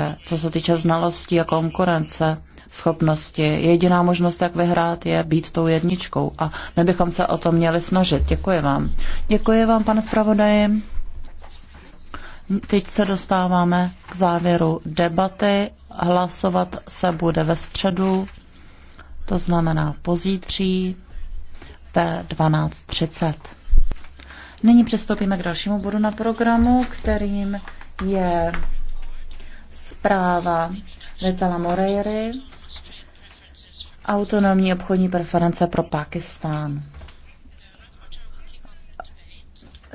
Eh, co se týče znalostí a konkurence, schopnosti. Jediná možnost, jak vyhrát, je být tou jedničkou. A my bychom se o to měli snažit. Děkuji vám. Děkuji vám, pane zpravodaji. Teď se dostáváme k závěru debaty. Hlasovat se bude ve středu, to znamená pozítří ve 12.30. Nyní přistoupíme k dalšímu bodu na programu, kterým je zpráva Vitala Moreiry, autonomní obchodní preference pro Pakistán.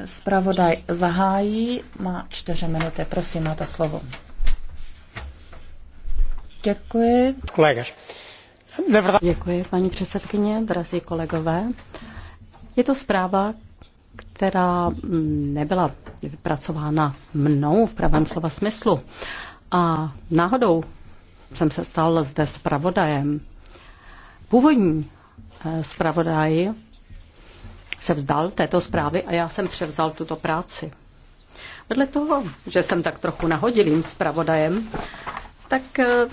Spravodaj zahájí, má čtyři minuty, prosím, máte slovo. Děkuji. Kolegař. Děkuji, paní předsedkyně, drazí kolegové. Je to zpráva, která mm, nebyla vypracována mnou v pravém slova smyslu, a náhodou jsem se stal zde zpravodajem. Původní eh, zpravodaj se vzdal této zprávy a já jsem převzal tuto práci. Vedle toho, že jsem tak trochu nahodilým zpravodajem, tak eh,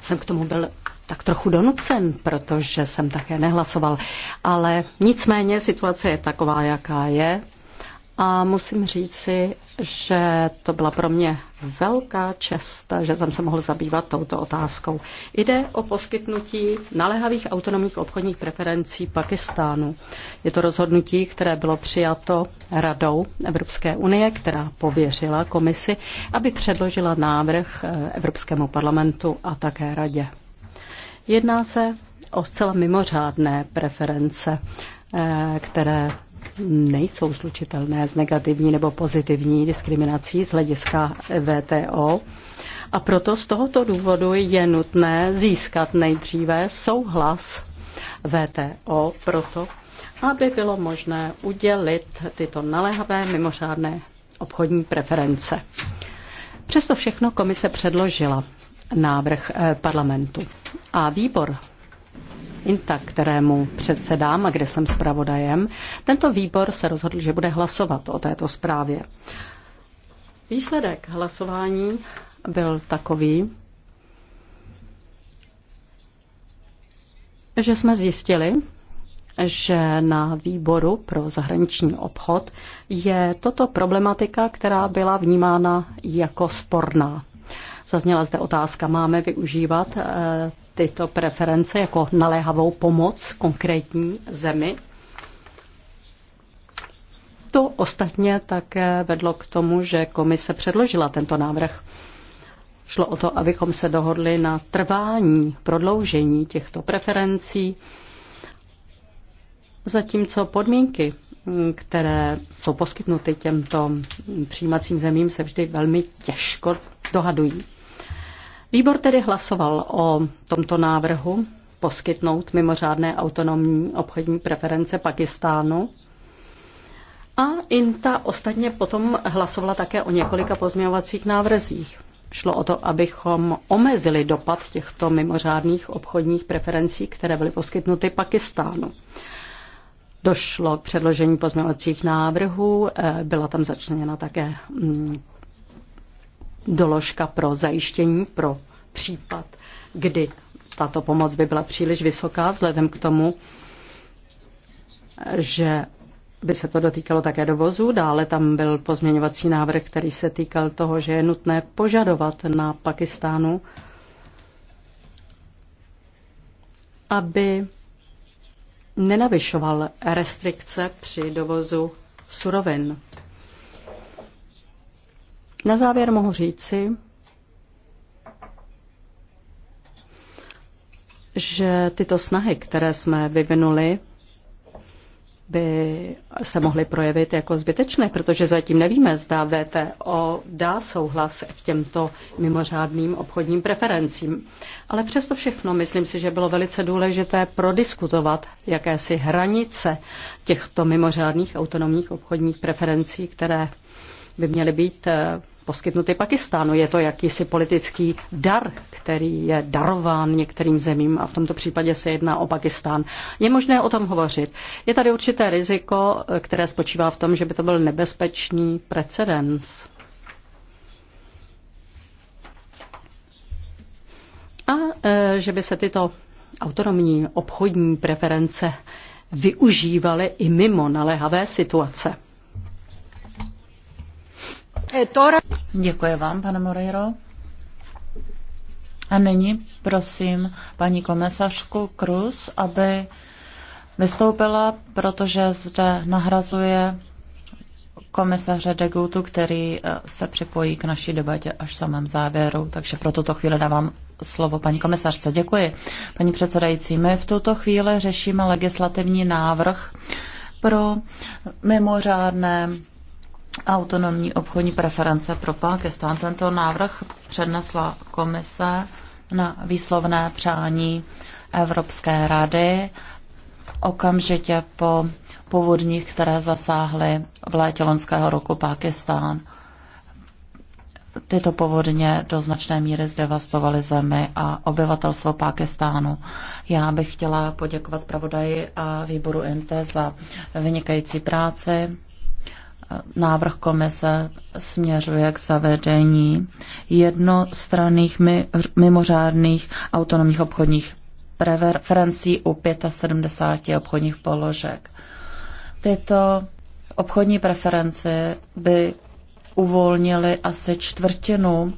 jsem k tomu byl tak trochu donucen, protože jsem také nehlasoval. Ale nicméně situace je taková, jaká je a musím říci, že to byla pro mě velká čest, že jsem se mohl zabývat touto otázkou. Jde o poskytnutí naléhavých autonomních obchodních preferencí Pakistánu. Je to rozhodnutí, které bylo přijato Radou Evropské unie, která pověřila komisi, aby předložila návrh eh, Evropskému parlamentu a také Radě. Jedná se o zcela mimořádné preference, eh, které nejsou slučitelné s negativní nebo pozitivní diskriminací z hlediska VTO. A proto z tohoto důvodu je nutné získat nejdříve souhlas VTO proto, aby bylo možné udělit tyto naléhavé mimořádné obchodní preference. Přesto všechno komise předložila návrh eh, parlamentu a výbor INTA, kterému předsedám a kde jsem zpravodajem, tento výbor se rozhodl, že bude hlasovat o této zprávě. Výsledek hlasování byl takový, že jsme zjistili, že na výboru pro zahraniční obchod je toto problematika, která byla vnímána jako sporná. Zazněla zde otázka, máme využívat eh, tyto preference jako naléhavou pomoc konkrétní zemi. To ostatně také vedlo k tomu, že komise předložila tento návrh. Šlo o to, abychom se dohodli na trvání, prodloužení těchto preferencí, zatímco podmínky, které jsou poskytnuty těmto přijímacím zemím, se vždy velmi těžko dohadují. Výbor tedy hlasoval o tomto návrhu poskytnout mimořádné autonomní obchodní preference Pakistánu. A INTA ostatně potom hlasovala také o několika pozměňovacích návrzích. Šlo o to, abychom omezili dopad těchto mimořádných obchodních preferencí, které byly poskytnuty Pakistánu. Došlo k předložení pozměňovacích návrhů, eh, byla tam začleněna také mm, doložka pro zajištění pro případ, kdy tato pomoc by byla příliš vysoká, vzhledem k tomu, že by se to dotýkalo také dovozu. Dále tam byl pozměňovací návrh, který se týkal toho, že je nutné požadovat na Pakistánu, aby nenavyšoval restrikce při dovozu surovin. Na závěr mohu říci, že tyto snahy, které jsme vyvinuli, by se mohly projevit jako zbytečné, protože zatím nevíme, zda VTO dá souhlas k těmto mimořádným obchodním preferencím. Ale přesto všechno, myslím si, že bylo velice důležité prodiskutovat jakési hranice těchto mimořádných autonomních obchodních preferencí, které by měly být eh, poskytnuty Pakistánu. Je to jakýsi politický dar, který je darován některým zemím a v tomto případě se jedná o Pakistán. Je možné o tom hovořit. Je tady určité riziko, které spočívá v tom, že by to byl nebezpečný precedens. A e, že by se tyto autonomní obchodní preference využívaly i mimo naléhavé situace. E, Děkuji vám, pane Moreiro. A nyní prosím paní komisařku Cruz, aby vystoupila, protože zde nahrazuje komisaře Degutu, který eh, se připojí k naší debatě až v samém závěru. Takže pro tuto chvíli dávám slovo paní komisařce. Děkuji. Paní předsedající, my v tuto chvíli řešíme legislativní návrh pro mimořádné autonomní obchodní preference pro Pakistán. Tento návrh přednesla komise na výslovné přání Evropské rady okamžitě po povodních, které zasáhly v létě loňského roku Pakistán. Tyto povodně do značné míry zdevastovaly zemi a obyvatelstvo Pákistánu. Já bych chtěla poděkovat zpravodaji a výboru INTE za vynikající práci návrh komise směřuje k zavedení jednostranných mimořádných autonomních obchodních preferencí u 75 obchodních položek. Tyto obchodní preference by uvolnily asi čtvrtinu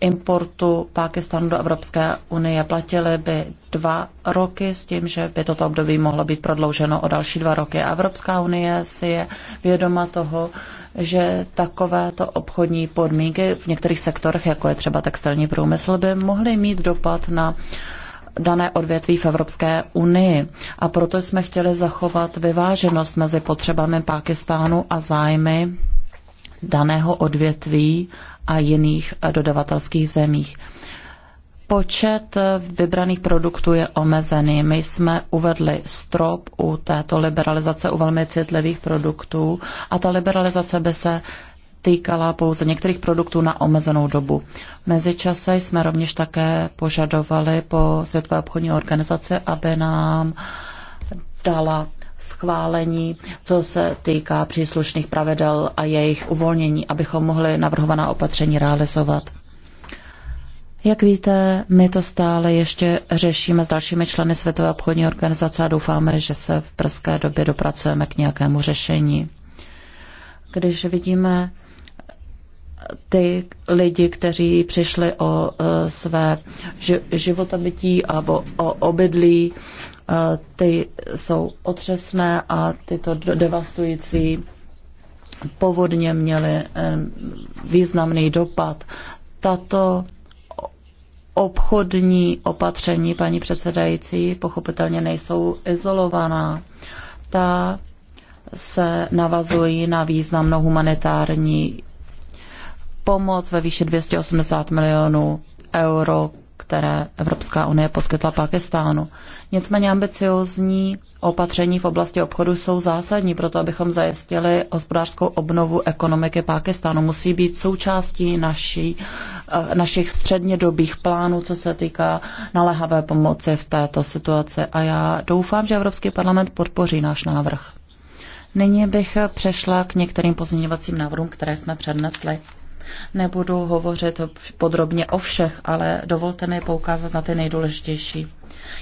importu Pákistánu do Evropské unie platili by dva roky s tím, že by toto období mohlo být prodlouženo o další dva roky. A Evropská unie si je vědoma toho, že takovéto obchodní podmínky v některých sektorech, jako je třeba textilní průmysl, by mohly mít dopad na dané odvětví v Evropské unii. A proto jsme chtěli zachovat vyváženost mezi potřebami Pákistánu a zájmy daného odvětví a jiných eh, dodavatelských zemích. Počet eh, vybraných produktů je omezený. My jsme uvedli strop u této liberalizace u velmi citlivých produktů a ta liberalizace by se týkala pouze některých produktů na omezenou dobu. Mezičase jsme rovněž také požadovali po Světové obchodní organizaci, aby nám dala schválení, co se týká příslušných pravidel a jejich uvolnění, abychom mohli navrhovaná opatření realizovat. Jak víte, my to stále ještě řešíme s dalšími členy Světové obchodní organizace a doufáme, že se v brzké době dopracujeme k nějakému řešení. Když vidíme ty lidi, kteří přišli o e, své životobytí a o, o obydlí, Eh, ty jsou otřesné a tyto devastující povodně měly významný dopad. Tato obchodní opatření, paní předsedající, pochopitelně nejsou izolovaná. Ta se navazují na významnou humanitární pomoc ve výši 280 milionů euro, které Evropská unie poskytla Pakistánu. Nicméně ambiciozní opatření v oblasti obchodu jsou zásadní pro to, abychom zajistili hospodářskou obnovu ekonomiky Pakistánu. Musí být součástí naší, eh, našich střednědobých plánů, co se týká naléhavé pomoci v této situaci. A já doufám, že Evropský parlament podpoří náš návrh. Nyní bych přešla k některým pozměňovacím návrhům, které jsme přednesli. Nebudu hovořit podrobně o všech, ale dovolte mi poukázat na ty nejdůležitější.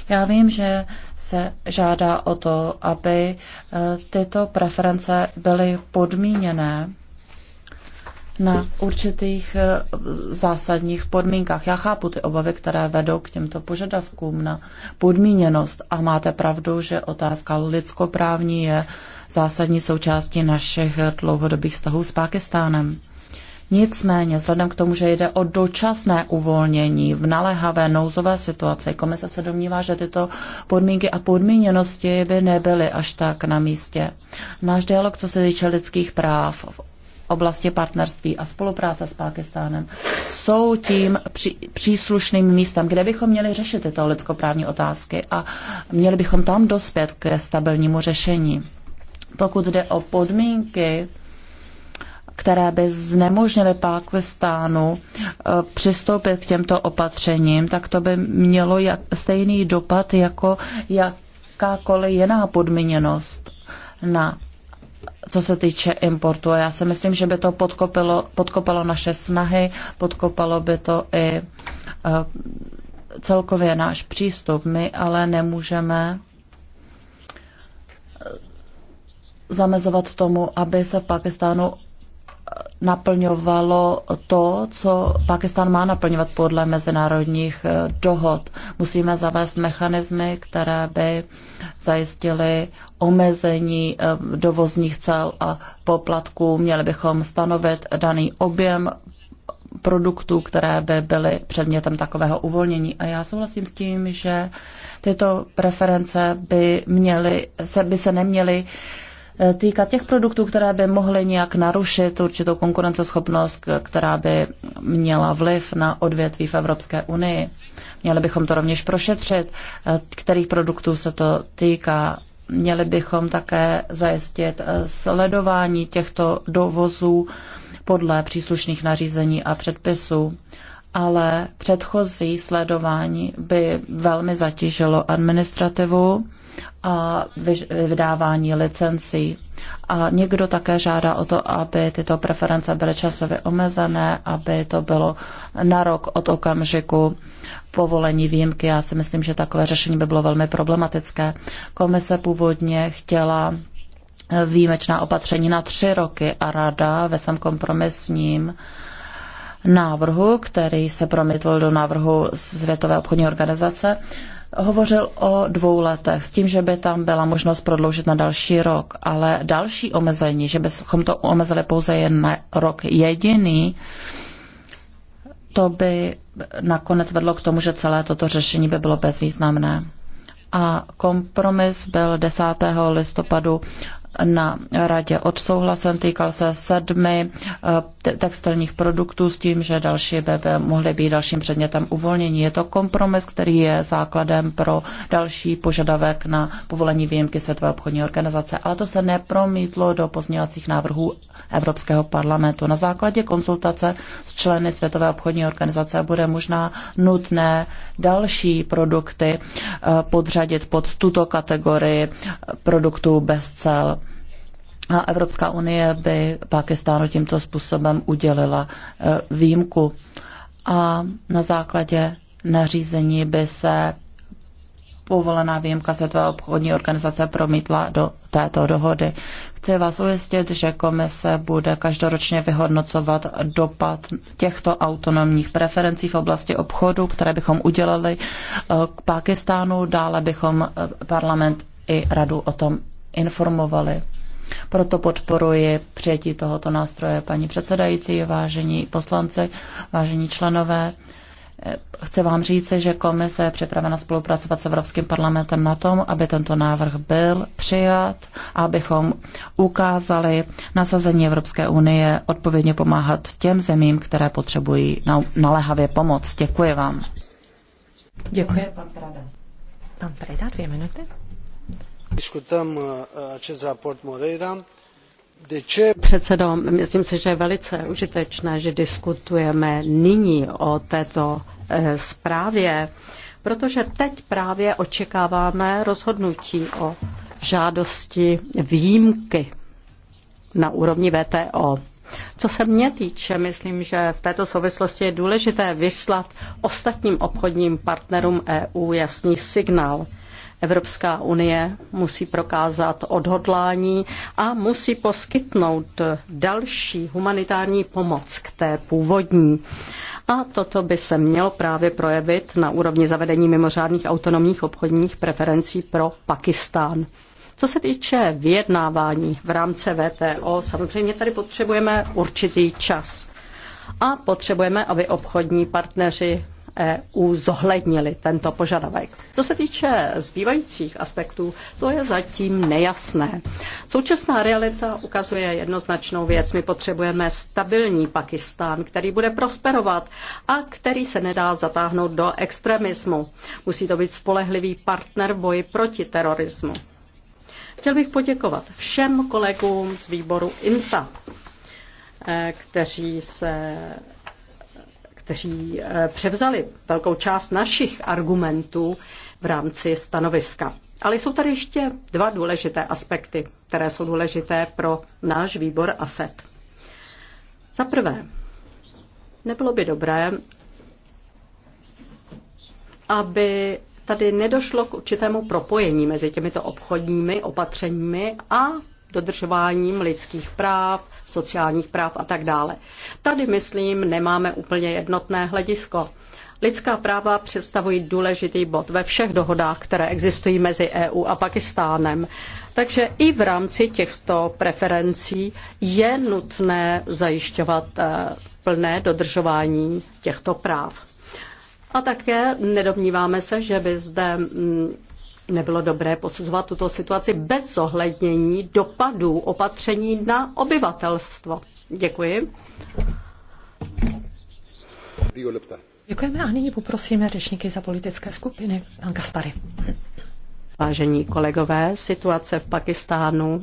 Já vím, že se žádá o to, aby eh, tyto preference byly podmíněné na určitých eh, zásadních podmínkách. Já chápu ty obavy, které vedou k těmto požadavkům na podmíněnost a máte pravdu, že otázka lidskoprávní je zásadní součástí našich dlouhodobých vztahů s Pákistánem. Nicméně, vzhledem k tomu, že jde o dočasné uvolnění v naléhavé nouzové situaci, komise se domnívá, že tyto podmínky a podmíněnosti by nebyly až tak na místě. Náš dialog, co se týče lidských práv v oblasti partnerství a spolupráce s Pákistánem jsou tím při, příslušným místem, kde bychom měli řešit tyto lidskoprávní otázky a měli bychom tam dospět ke stabilnímu řešení. Pokud jde o podmínky, které by znemožnily Pákistánu eh, přistoupit k těmto opatřením, tak to by mělo jak, stejný dopad jako jakákoliv jiná podmíněnost na co se týče importu. A já si myslím, že by to podkopilo, podkopalo naše snahy, podkopalo by to i eh, celkově náš přístup. My ale nemůžeme eh, zamezovat tomu, aby se v Pakistánu naplňovalo to, co Pakistan má naplňovat podle mezinárodních eh, dohod. Musíme zavést mechanismy, které by zajistily omezení eh, dovozních cel a poplatků. Měli bychom stanovit daný objem produktů, které by byly předmětem takového uvolnění. A já souhlasím s tím, že tyto preference by, měly, se, by se neměly uh, týkat těch produktů, které by mohly nějak narušit určitou konkurenceschopnost, která by měla vliv na odvětví v Evropské unii. Měli bychom to rovněž prošetřit, kterých produktů se to týká. Měli bychom také zajistit sledování těchto dovozů podle příslušných nařízení a předpisů ale předchozí sledování by velmi zatížilo administrativu a vydávání licencí. A někdo také žádá o to, aby tyto preference byly časově omezené, aby to bylo na rok od okamžiku povolení výjimky. Já si myslím, že takové řešení by bylo velmi problematické. Komise původně chtěla výjimečná opatření na tři roky a rada ve svém kompromisním návrhu, který se promítl do návrhu Světové obchodní organizace, hovořil o dvou letech s tím, že by tam byla možnost prodloužit na další rok, ale další omezení, že bychom to omezili pouze jen na rok jediný, to by nakonec vedlo k tomu, že celé toto řešení by bylo bezvýznamné. A kompromis byl 10. listopadu na radě odsouhlasen, týkal se sedmi eh, textilních produktů s tím, že další by mohly být dalším předmětem uvolnění. Je to kompromis, který je základem pro další požadavek na povolení výjimky Světové obchodní organizace, ale to se nepromítlo do pozměňovacích návrhů Evropského parlamentu. Na základě konzultace s členy Světové obchodní organizace bude možná nutné další produkty eh, podřadit pod tuto kategorii eh, produktů bez cel. A Evropská unie by Pakistánu tímto způsobem udělila eh, výjimku. A na základě nařízení by se povolená výjimka Světové obchodní organizace promítla do této dohody. Chci vás ujistit, že komise bude každoročně vyhodnocovat dopad těchto autonomních preferencí v oblasti obchodu, které bychom udělali eh, k Pakistánu. Dále bychom eh, parlament i radu o tom informovali. Proto podporuji přijetí tohoto nástroje paní předsedající, vážení poslanci, vážení členové. Chci vám říct, že komise je připravena spolupracovat s Evropským parlamentem na tom, aby tento návrh byl přijat a abychom ukázali nasazení Evropské unie odpovědně pomáhat těm zemím, které potřebují naléhavě pomoc. Děkuji vám. Děkuji. Pan Preda. Pan Preda, dvě minuty. Diskutăm uh, acest raport Moreira. Předsedo, myslím si, že je velice užitečné, že diskutujeme nyní o této eh, zprávě, protože teď právě očekáváme rozhodnutí o žádosti výjimky na úrovni VTO. Co se mě týče, myslím, že v této souvislosti je důležité vyslat ostatním obchodním partnerům EU jasný signál. Evropská unie musí prokázat odhodlání a musí poskytnout další humanitární pomoc k té původní. A toto by se mělo právě projevit na úrovni zavedení mimořádných autonomních obchodních preferencí pro Pakistán. Co se týče vyjednávání v rámci VTO, samozřejmě tady potřebujeme určitý čas. A potřebujeme, aby obchodní partneři EU zohlednili tento požadavek. Co se týče zbývajících aspektů, to je zatím nejasné. Současná realita ukazuje jednoznačnou věc. My potřebujeme stabilní Pakistán, který bude prosperovat a který se nedá zatáhnout do extremismu. Musí to být spolehlivý partner v boji proti terorismu. Chtěl bych poděkovat všem kolegům z výboru INTA, eh, kteří se kteří eh, převzali velkou část našich argumentů v rámci stanoviska. Ale jsou tady ještě dva důležité aspekty, které jsou důležité pro náš výbor AFET. Za prvé, nebylo by dobré, aby tady nedošlo k určitému propojení mezi těmito obchodními opatřeními a dodržováním lidských práv, sociálních práv a tak dále. Tady, myslím, nemáme úplně jednotné hledisko. Lidská práva představují důležitý bod ve všech dohodách, které existují mezi EU a Pakistánem. Takže i v rámci těchto preferencí je nutné zajišťovat eh, plné dodržování těchto práv. A také nedomníváme se, že by zde mm, nebylo dobré posuzovat tuto situaci bez zohlednění dopadů opatření na obyvatelstvo. Děkuji. Děkujeme a nyní poprosíme řečníky za politické skupiny. Pan Kaspary. Vážení kolegové, situace v Pakistánu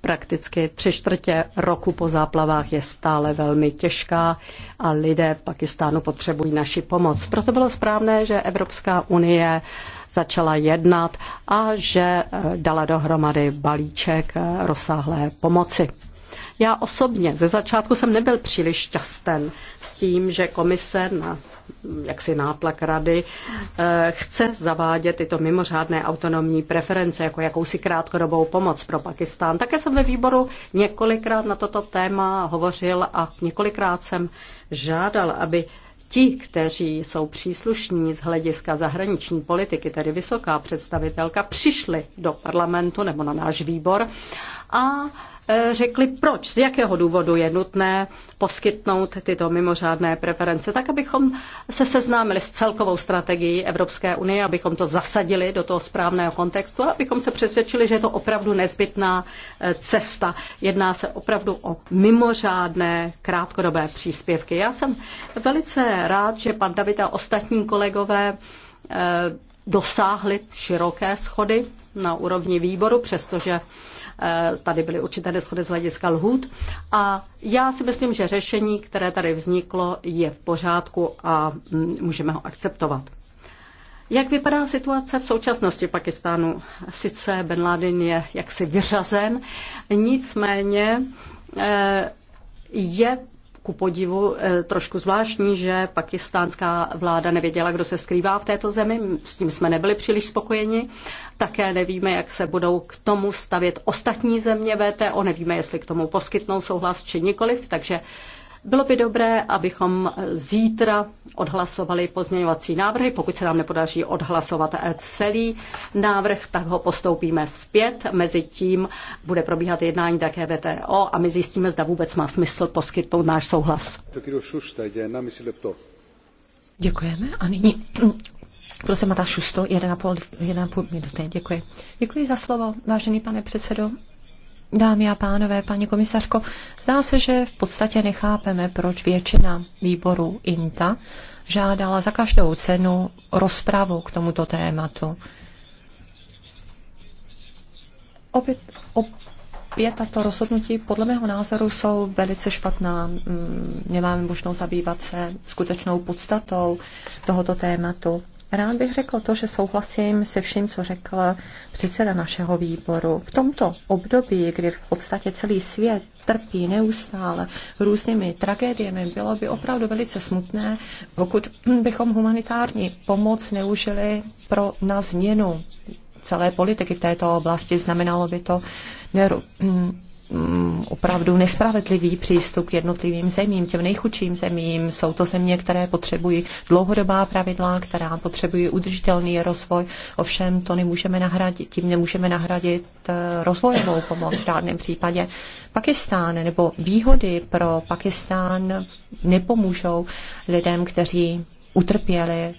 prakticky tři čtvrtě roku po záplavách je stále velmi těžká a lidé v Pakistánu potřebují naši pomoc. Proto bylo správné, že Evropská unie uh, začala jednat a že eh, dala dohromady balíček eh, rozsáhlé pomoci. Já osobně ze začátku jsem nebyl příliš šťasten s tím, že komise na mm, jaksi nátlak rady eh, chce zavádět tyto mimořádné autonomní preference jako jakousi krátkodobou pomoc pro Pakistán. Také jsem ve výboru několikrát na toto téma hovořil a několikrát jsem žádal, aby ti, kteří jsou příslušní z hlediska zahraniční politiky, tedy vysoká představitelka, přišli do parlamentu nebo na náš výbor a Eh, řekli, proč, z jakého důvodu je nutné poskytnout tyto mimořádné preference, tak abychom se seznámili s celkovou strategií Evropské unie, abychom to zasadili do toho správného kontextu a abychom se přesvědčili, že je to opravdu nezbytná eh, cesta. Jedná se opravdu o mimořádné krátkodobé příspěvky. Já jsem velice rád, že pan David a ostatní kolegové eh, dosáhli široké schody na úrovni výboru, přestože eh, tady byly určité neschody z hlediska lhůt. A já si myslím, že řešení, které tady vzniklo, je v pořádku a mm, můžeme ho akceptovat. Jak vypadá situace v současnosti v Pakistánu? Sice Ben Laden je jaksi vyřazen, nicméně eh, je ku podivu eh, trošku zvláštní, že pakistánská vláda nevěděla, kdo se skrývá v této zemi. S tím jsme nebyli příliš spokojeni. Také nevíme, jak se budou k tomu stavět ostatní země VTO, nevíme, jestli k tomu poskytnou souhlas či nikoliv, takže bylo by dobré, abychom zítra odhlasovali pozměňovací návrhy. Pokud se nám nepodaří odhlasovat celý návrh, tak ho postoupíme zpět. Mezitím bude probíhat jednání také VTO a my zjistíme, zda vůbec má smysl poskytnout náš souhlas. Děkujeme a nyní Prosím, Mata Šusto, 1,5 minuty. Děkuji. Děkuji za slovo, vážený pane předsedo. Dámy a pánové, paní komisařko, zdá se, že v podstatě nechápeme, proč většina výboru INTA žádala za každou cenu rozpravu k tomuto tématu. Opět, opět tato rozhodnutí podle mého názoru jsou velice špatná. Mm, nemáme možnost zabývat se skutečnou podstatou tohoto tématu. Rád bych řekl to, že souhlasím se vším, co řekl předseda našeho výboru. V tomto období, kdy v podstatě celý svět trpí neustále různými tragédiemi, bylo by opravdu velice smutné, pokud bychom humanitární pomoc neužili pro na změnu celé politiky v této oblasti. Znamenalo by to Mm, opravdu nespravedlivý přístup k jednotlivým zemím, těm nejchudším zemím. Jsou to země, které potřebují dlouhodobá pravidla, která potřebují udržitelný rozvoj. Ovšem to nemůžeme nahradit, tím nemůžeme nahradit eh, rozvojovou pomoc v žádném případě. Pakistán nebo výhody pro Pakistán nepomůžou lidem, kteří utrpěli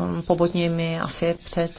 mm, povodněmi asi před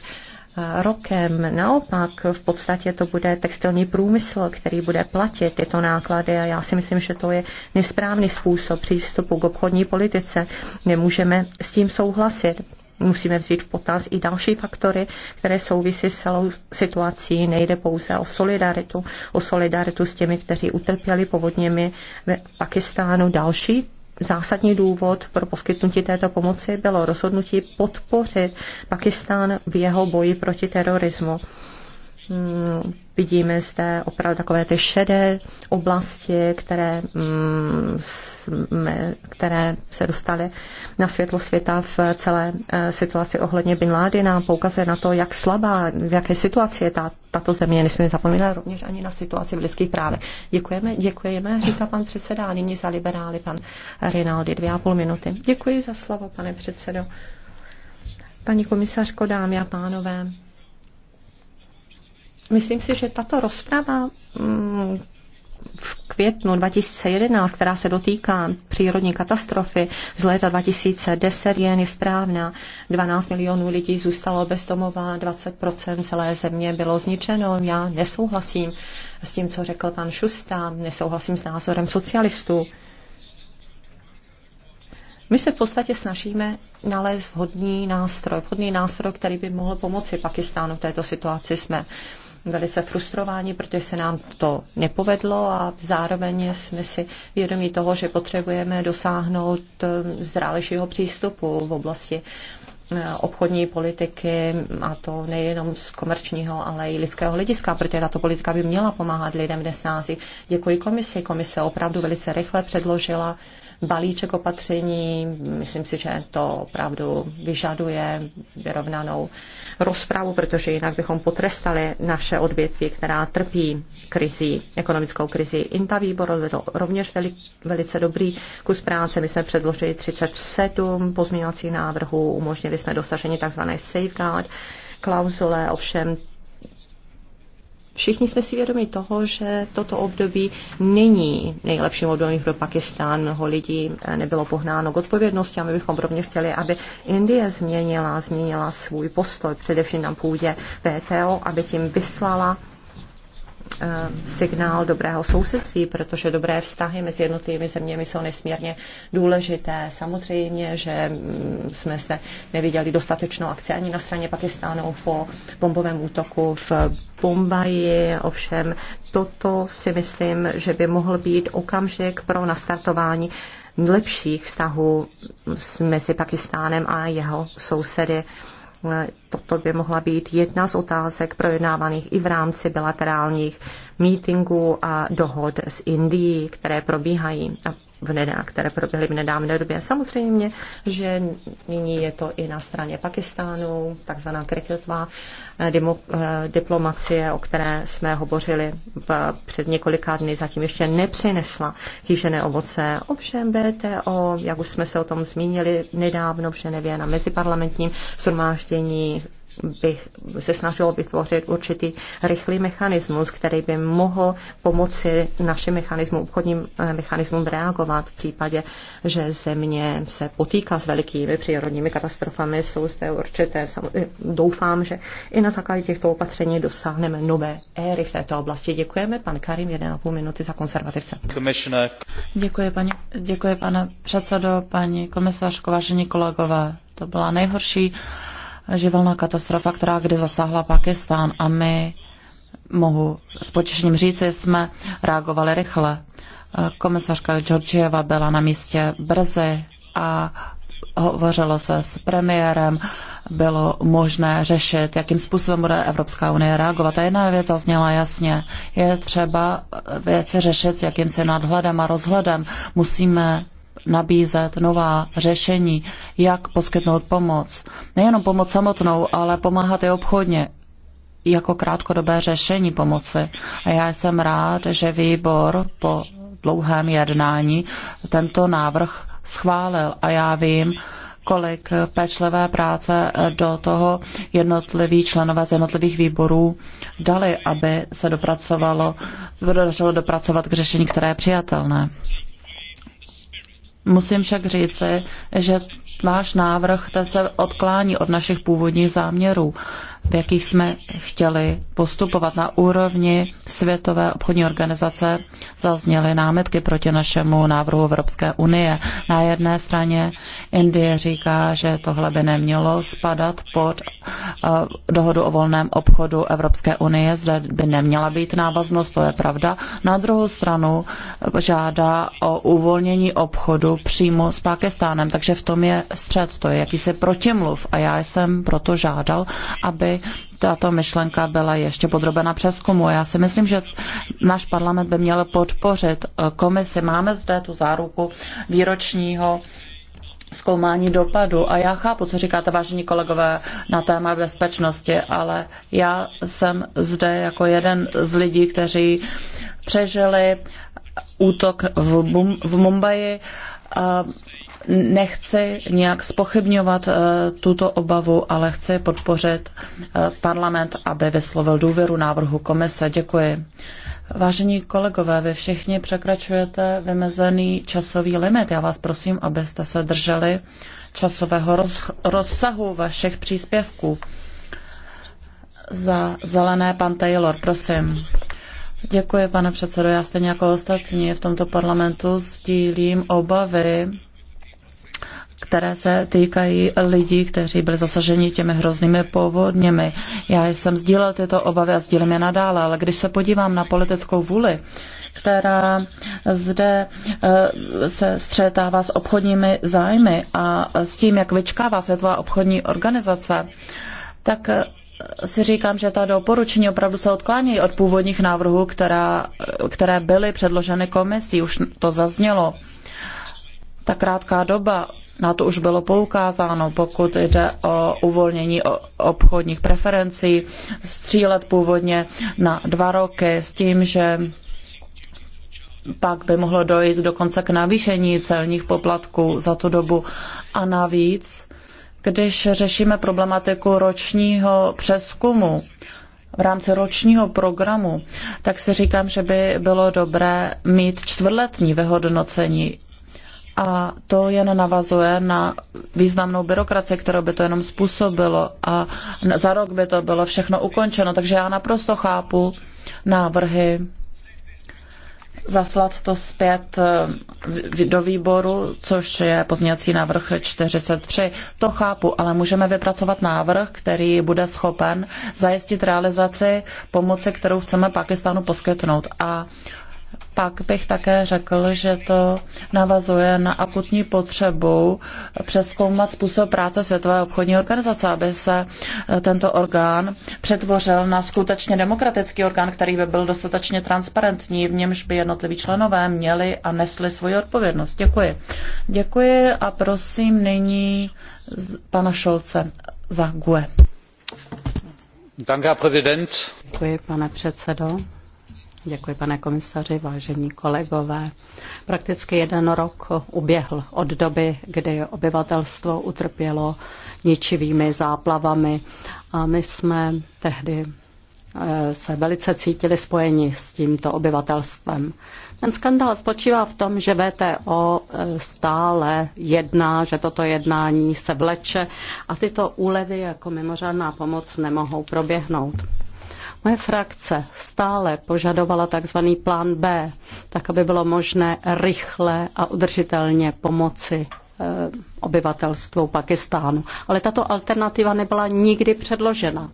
rokem. Naopak v podstatě to bude textilní průmysl, který bude platit tyto náklady a já si myslím, že to je nesprávný způsob přístupu k obchodní politice. Nemůžeme s tím souhlasit. Musíme vzít v potaz i další faktory, které souvisí s celou situací. Nejde pouze o solidaritu, o solidaritu s těmi, kteří utrpěli povodněmi v Pakistánu. Další zásadní důvod pro poskytnutí této pomoci bylo rozhodnutí podpořit Pakistán v jeho boji proti terorismu hmm, Vidíme zde opravdu takové ty šedé oblasti, které, mm, jsme, které se dostaly na světlo světa v celé eh, situaci ohledně Bin Ládina. Poukazuje na to, jak slabá, v jaké situaci je ta, tato země. Nesmíme zapomínat rovněž ani na situaci v lidských právech. Děkujeme, děkujeme, říká pan předseda. A nyní za liberály pan Rinaldi. Dvě a půl minuty. Děkuji za slovo, pane předsedo. Paní komisařko, dámy a pánové, Myslím si, že tato rozprava mm, v květnu 2011, která se dotýká přírodní katastrofy z léta 2010, je nesprávná. 12 milionů lidí zůstalo bez domova, 20 celé země bylo zničeno. Já nesouhlasím s tím, co řekl pan Šusta, nesouhlasím s názorem socialistů. My se v podstatě snažíme nalézt vhodný nástroj, vhodný nástroj, který by mohl pomoci Pakistánu v této situaci. Jsme velice frustrováni, protože se nám to nepovedlo a zároveň jsme si vědomí toho, že potřebujeme dosáhnout eh, zdrálejšího přístupu v oblasti eh, obchodní politiky, a to nejenom z komerčního, ale i lidského hlediska, protože tato politika by měla pomáhat lidem v nesnázi. Děkuji komisi. Komise opravdu velice rychle předložila balíček opatření. Myslím si, že to opravdu vyžaduje vyrovnanou rozpravu, protože jinak bychom potrestali naše odvětví, která trpí krizi, ekonomickou krizi. Inta výbor odvedl rovněž veli, velice dobrý kus práce. My jsme předložili 37 pozměňovacích návrhů, umožnili jsme dosažení tzv. safeguard klauzule, ovšem Všichni jsme si vědomi toho, že toto období není nejlepším obdobím pro Pakistán. Mnoho lidí eh, nebylo pohnáno k odpovědnosti a my bychom rovně chtěli, aby Indie změnila, změnila svůj postoj, především na půdě VTO, aby tím vyslala Eh, signál dobrého sousedství, protože dobré vztahy mezi jednotlivými zeměmi jsou nesmírně důležité. Samozřejmě, že mm, jsme se neviděli dostatečnou akci ani na straně Pakistánu po bombovém útoku v Bombaji, ovšem toto si myslím, že by mohl být okamžik pro nastartování lepších vztahů mezi Pakistánem a jeho sousedy. Toto by mohla být jedna z otázek projednávaných i v rámci bilaterálních mítingů a dohod s Indií, které probíhají. A v nedá, které proběhly v nedávné době. Samozřejmě, že nyní je to i na straně Pakistánu, takzvaná kriketová eh, eh, diplomacie, o které jsme hovořili v, před několika dny, zatím ještě nepřinesla kýžené ovoce. Ovšem BTO, jak už jsme se o tom zmínili nedávno v Ženevě na meziparlamentním shromáždění, bych se snažilo vytvořit určitý rychlý mechanismus, který by mohl pomoci našim mechanismům, obchodním eh, mechanismům reagovat v případě, že země se potýká s velikými přírodními katastrofami. Jsou zde určité, doufám, že i na základě těchto opatření dosáhneme nové éry v této oblasti. Děkujeme, pan Karim, 1,5 minuty za konzervativce. Děkuji, paní, děkuji pane předsedo, paní komisařko, vážení kolegové. To byla nejhorší živelná katastrofa, která kdy zasáhla Pakistán a my, mohu s potěšením říci, jsme reagovali rychle. Komisařka Georgieva byla na místě brzy a hovořilo se s premiérem, bylo možné řešit, jakým způsobem bude Evropská unie reagovat. A jedna věc zazněla jasně. Je třeba věci řešit s jakýmsi nadhledem a rozhledem. Musíme nabízet nová řešení, jak poskytnout pomoc. Nejenom pomoc samotnou, ale pomáhat i obchodně jako krátkodobé řešení pomoci. A já jsem rád, že výbor po dlouhém jednání tento návrh schválil a já vím, kolik pečlivé práce do toho jednotliví členové z jednotlivých výborů dali, aby se dopracovalo, podařilo dopracovat k řešení, které je přijatelné. Musím však říci, že váš návrh se odklání od našich původních záměrů v jakých jsme chtěli postupovat na úrovni Světové obchodní organizace, zazněly námitky proti našemu návrhu Evropské unie. Na jedné straně Indie říká, že tohle by nemělo spadat pod eh, dohodu o volném obchodu Evropské unie, zde by neměla být návaznost, to je pravda. Na druhou stranu žádá o uvolnění obchodu přímo s Pákistánem, takže v tom je střed, to je jakýsi protimluv a já jsem proto žádal, aby tato myšlenka byla ještě podrobena přeskumu. Já si myslím, že náš parlament by měl podpořit eh, komisi. Máme zde tu záruku výročního zkoumání dopadu. A já chápu, co říkáte, vážení kolegové, na téma bezpečnosti, ale já jsem zde jako jeden z lidí, kteří přežili útok v, Mumbai nechci nějak spochybňovat eh, tuto obavu, ale chci podpořit eh, parlament, aby vyslovil důvěru návrhu komise. Děkuji. Vážení kolegové, vy všichni překračujete vymezený časový limit. Já vás prosím, abyste se drželi časového roz, rozsahu vašich příspěvků. Za zelené pan Taylor, prosím. Děkuji, pane předsedo. Já stejně jako ostatní v tomto parlamentu sdílím obavy které se týkají lidí, kteří byli zasaženi těmi hroznými povodněmi. Já jsem sdílel tyto obavy a sdílím je nadále, ale když se podívám na politickou vůli, která zde eh, se střetává s obchodními zájmy a s tím, jak vyčkává Světová obchodní organizace, tak eh, si říkám, že ta doporučení opravdu se odklánějí od původních návrhů, která, eh, které byly předloženy komisí, už to zaznělo ta krátká doba, na to už bylo poukázáno, pokud jde o uvolnění obchodních preferencí, střílet původně na dva roky s tím, že pak by mohlo dojít dokonce k navýšení celních poplatků za tu dobu. A navíc, když řešíme problematiku ročního přeskumu v rámci ročního programu, tak si říkám, že by bylo dobré mít čtvrtletní vyhodnocení a to jen navazuje na významnou byrokraci, kterou by to jenom způsobilo a za rok by to bylo všechno ukončeno. Takže já naprosto chápu návrhy zaslat to zpět eh, do výboru, což je pozměňovací návrh 43. To chápu, ale můžeme vypracovat návrh, který bude schopen zajistit realizaci pomoci, kterou chceme Pakistánu poskytnout. A pak bych také řekl, že to navazuje na akutní potřebu přeskoumat způsob práce Světové obchodní organizace, aby se eh, tento orgán přetvořil na skutečně demokratický orgán, který by byl dostatečně transparentní, v němž by jednotliví členové měli a nesli svoji odpovědnost. Děkuji. Děkuji a prosím nyní pana Šolce za GUE. Děkuji, pane předsedo. Děkuji, pane komisaři, vážení kolegové. Prakticky jeden rok uběhl od doby, kdy obyvatelstvo utrpělo ničivými záplavami a my jsme tehdy eh, se velice cítili spojeni s tímto obyvatelstvem. Ten skandál spočívá v tom, že VTO eh, stále jedná, že toto jednání se vleče a tyto úlevy jako mimořádná pomoc nemohou proběhnout. Moje frakce stále požadovala takzvaný plán B, tak aby bylo možné rychle a udržitelně pomoci eh, obyvatelstvu Pakistánu. Ale tato alternativa nebyla nikdy předložena.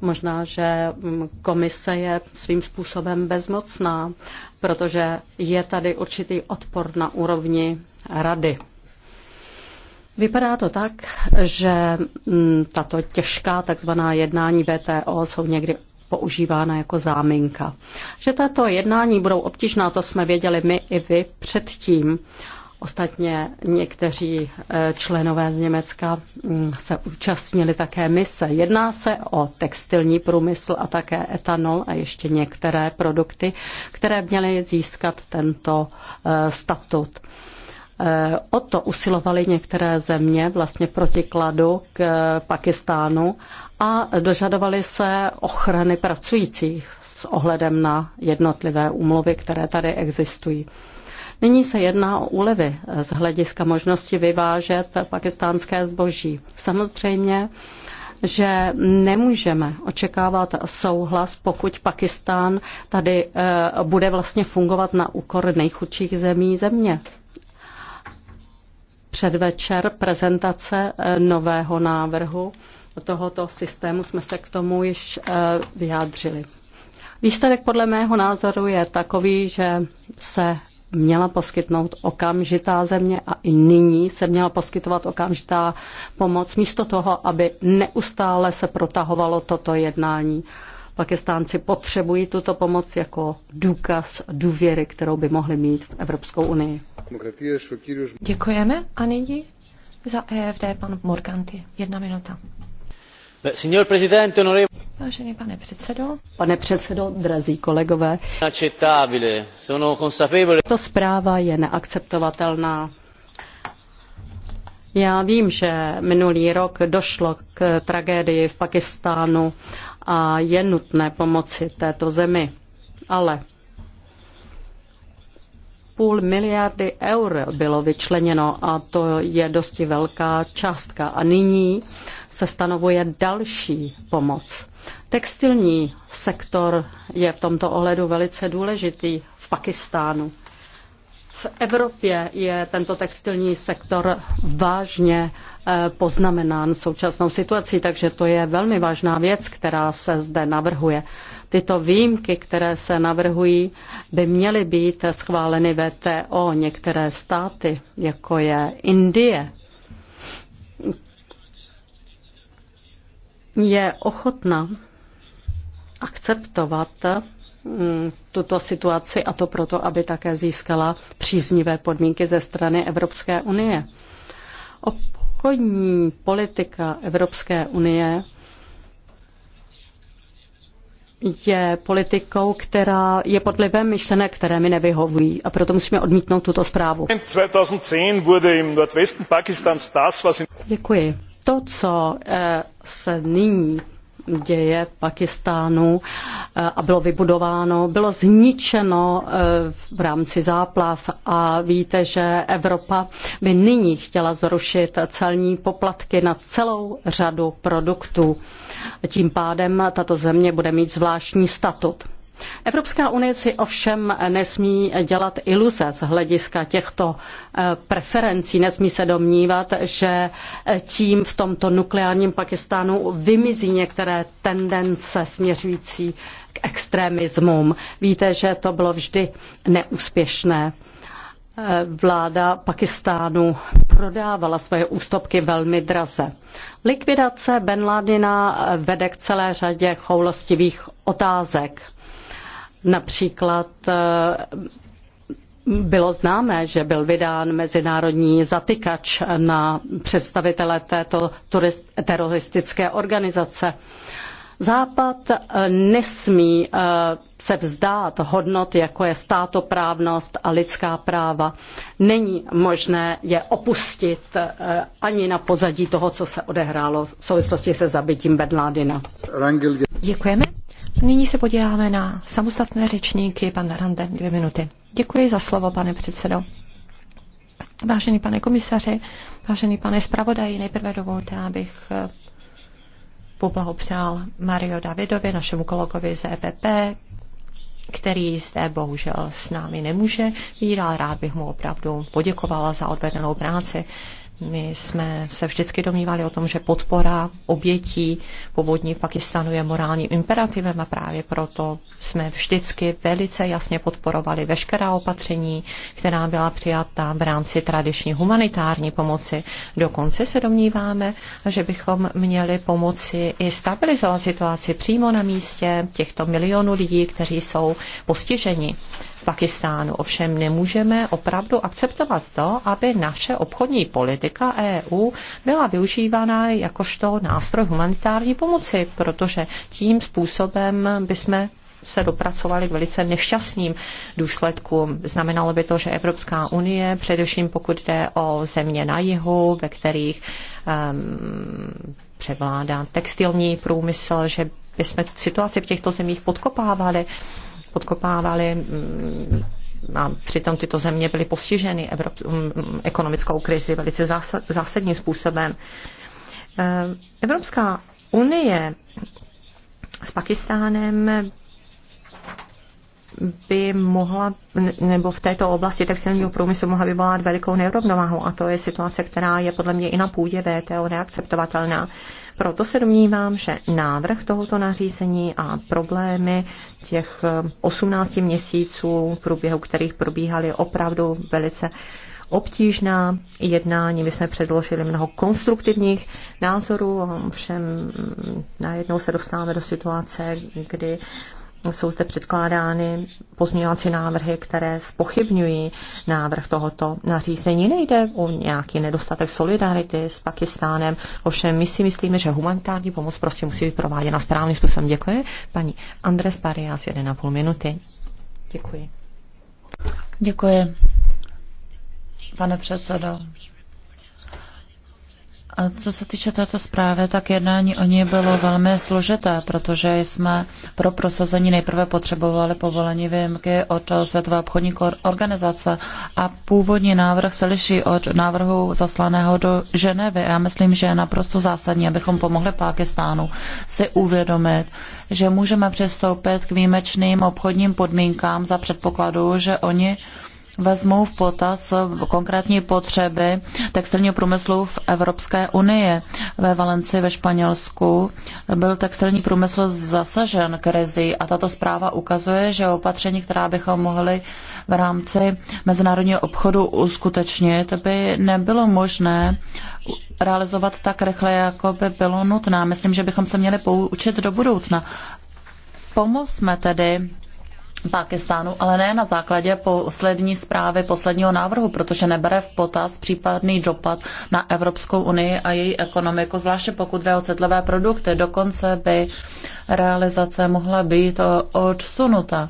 Možná, že mm, komise je svým způsobem bezmocná, protože je tady určitý odpor na úrovni rady. Vypadá to tak, že mm, tato těžká takzvaná jednání VTO jsou někdy používána jako záminka. Že tato jednání budou obtížná, to jsme věděli my i vy předtím. Ostatně někteří eh, členové z Německa hm, se účastnili také mise. Jedná se o textilní průmysl a také etanol a ještě některé produkty, které měly získat tento eh, statut. Eh, o to usilovaly některé země vlastně protikladu k Pakistánu a dožadovali se ochrany pracujících s ohledem na jednotlivé úmluvy, které tady existují. Nyní se jedná o úlevy z hlediska možnosti vyvážet pakistánské zboží. Samozřejmě, že nemůžeme očekávat souhlas, pokud Pakistán tady eh, bude vlastně fungovat na úkor nejchudších zemí země. Předvečer prezentace eh, nového návrhu tohoto systému jsme se k tomu již eh, vyjádřili. Výsledek podle mého názoru je takový, že se měla poskytnout okamžitá země a i nyní se měla poskytovat okamžitá pomoc, místo toho, aby neustále se protahovalo toto jednání. Pakistánci potřebují tuto pomoc jako důkaz důvěry, kterou by mohli mít v Evropskou unii. Děkujeme a nyní za EFD pan Morganti. Jedna minuta. Eh, signor Presidente, onorevole... Vážený pane předsedo, pane předsedo, drazí kolegové, to zpráva je neakceptovatelná. Já vím, že minulý rok došlo k tragédii v Pakistánu a je nutné pomoci této zemi. Ale půl miliardy eur bylo vyčleněno a to je dosti velká částka. A nyní se stanovuje další pomoc. Textilní sektor je v tomto ohledu velice důležitý v Pakistánu. V Evropě je tento textilní sektor vážně eh, poznamenán současnou situací, takže to je velmi vážná věc, která se zde navrhuje. Tyto výjimky, které se navrhují, by měly být schváleny VTO. Některé státy, jako je Indie, je ochotna akceptovat mm, tuto situaci a to proto, aby také získala příznivé podmínky ze strany Evropské unie. Obchodní politika Evropské unie je politikou, která je pod vlivem myšlenek, které mi nevyhovují a proto musíme odmítnout tuto zprávu. Děkuji. To, co eh, se nyní děje v Pakistánu eh, a bylo vybudováno, bylo zničeno eh, v rámci záplav a víte, že Evropa by nyní chtěla zrušit celní poplatky na celou řadu produktů. Tím pádem tato země bude mít zvláštní statut. Evropská unie si ovšem nesmí dělat iluze z hlediska těchto eh, preferencí. Nesmí se domnívat, že eh, tím v tomto nukleárním Pakistánu vymizí některé tendence směřující k extremismům. Víte, že to bylo vždy neúspěšné eh, vláda Pakistánu prodávala svoje ústupky velmi draze. Likvidace Ben Ladina vede k celé řadě choulostivých otázek. Například eh, bylo známé, že byl vydán mezinárodní zatykač na představitele této teroristické organizace. Západ eh, nesmí eh, se vzdát hodnot, jako je státoprávnost a lidská práva. Není možné je opustit ani na pozadí toho, co se odehrálo v souvislosti se zabitím Bedládina. Děkujeme. Nyní se podíváme na samostatné řečníky. Pan Rande, dvě minuty. Děkuji za slovo, pane předsedo. Vážený pane komisaři, vážený pane zpravodaji, nejprve dovolte, abych eh, poblahopřál Mario Davidovi, našemu kolegovi z EPP, který zde bohužel s námi nemůže být, ale rád bych mu opravdu poděkovala za odvedenou práci. My jsme se vždycky domnívali o tom, že podpora obětí povodní v Pakistanu je morálním imperativem a právě proto jsme vždycky velice jasně podporovali veškerá opatření, která byla přijata v rámci tradiční humanitární pomoci. Dokonce se domníváme, že bychom měli pomoci i stabilizovat situaci přímo na místě těchto milionů lidí, kteří jsou postiženi Pakistánu. Ovšem nemůžeme opravdu akceptovat to, aby naše obchodní politika EU byla využívána jakožto nástroj humanitární pomoci, protože tím způsobem bychom se dopracovali k velice nešťastným důsledkům. Znamenalo by to, že Evropská unie, především pokud jde o země na jihu, ve kterých um, převládá textilní průmysl, že bychom situaci v těchto zemích podkopávali. Podkopávali mm, a přitom tyto země byly postiženy Evrop- mm, ekonomickou krizi velice zásadním způsobem. Eh, Evropská unie s Pakistánem by mohla, nebo v této oblasti textilního průmyslu mohla vyvolat velikou nerovnováhu a to je situace, která je podle mě i na půdě VTO neakceptovatelná. Proto se domnívám, že návrh tohoto nařízení a problémy těch 18 měsíců, v průběhu kterých probíhaly opravdu velice obtížná jednání. My jsme předložili mnoho konstruktivních názorů, ovšem najednou se dostáváme do situace, kdy jsou zde předkládány pozměňovací návrhy, které spochybňují návrh tohoto nařízení. Nejde o nějaký nedostatek solidarity s Pakistánem, ovšem my si myslíme, že humanitární pomoc prostě musí být prováděna správným způsobem. Děkuji. Paní Andres Parias, 1,5 minuty. Děkuji. Děkuji. Pane předsedo, a co se týče této zprávy, tak jednání o ní bylo velmi složité, protože jsme pro prosazení nejprve potřebovali povolení výjimky od Světové obchodní organizace a původní návrh se liší od návrhu zaslaného do Ženevy. Já myslím, že je naprosto zásadní, abychom pomohli Pákistánu si uvědomit, že můžeme přistoupit k výjimečným obchodním podmínkám za předpokladu, že oni vezmou v potaz konkrétní potřeby textilního průmyslu v Evropské unii. Ve Valenci ve Španělsku byl textilní průmysl zasažen krizí a tato zpráva ukazuje, že opatření, která bychom mohli v rámci mezinárodního obchodu uskutečnit, by nebylo možné realizovat tak rychle, jako by bylo nutné. Myslím, že bychom se měli poučit do budoucna. Pomozme tedy Pákistánu, ale ne na základě poslední zprávy posledního návrhu, protože nebere v potaz případný dopad na Evropskou unii a její ekonomiku, zvláště pokud jde o citlivé produkty. Dokonce by realizace mohla být odsunuta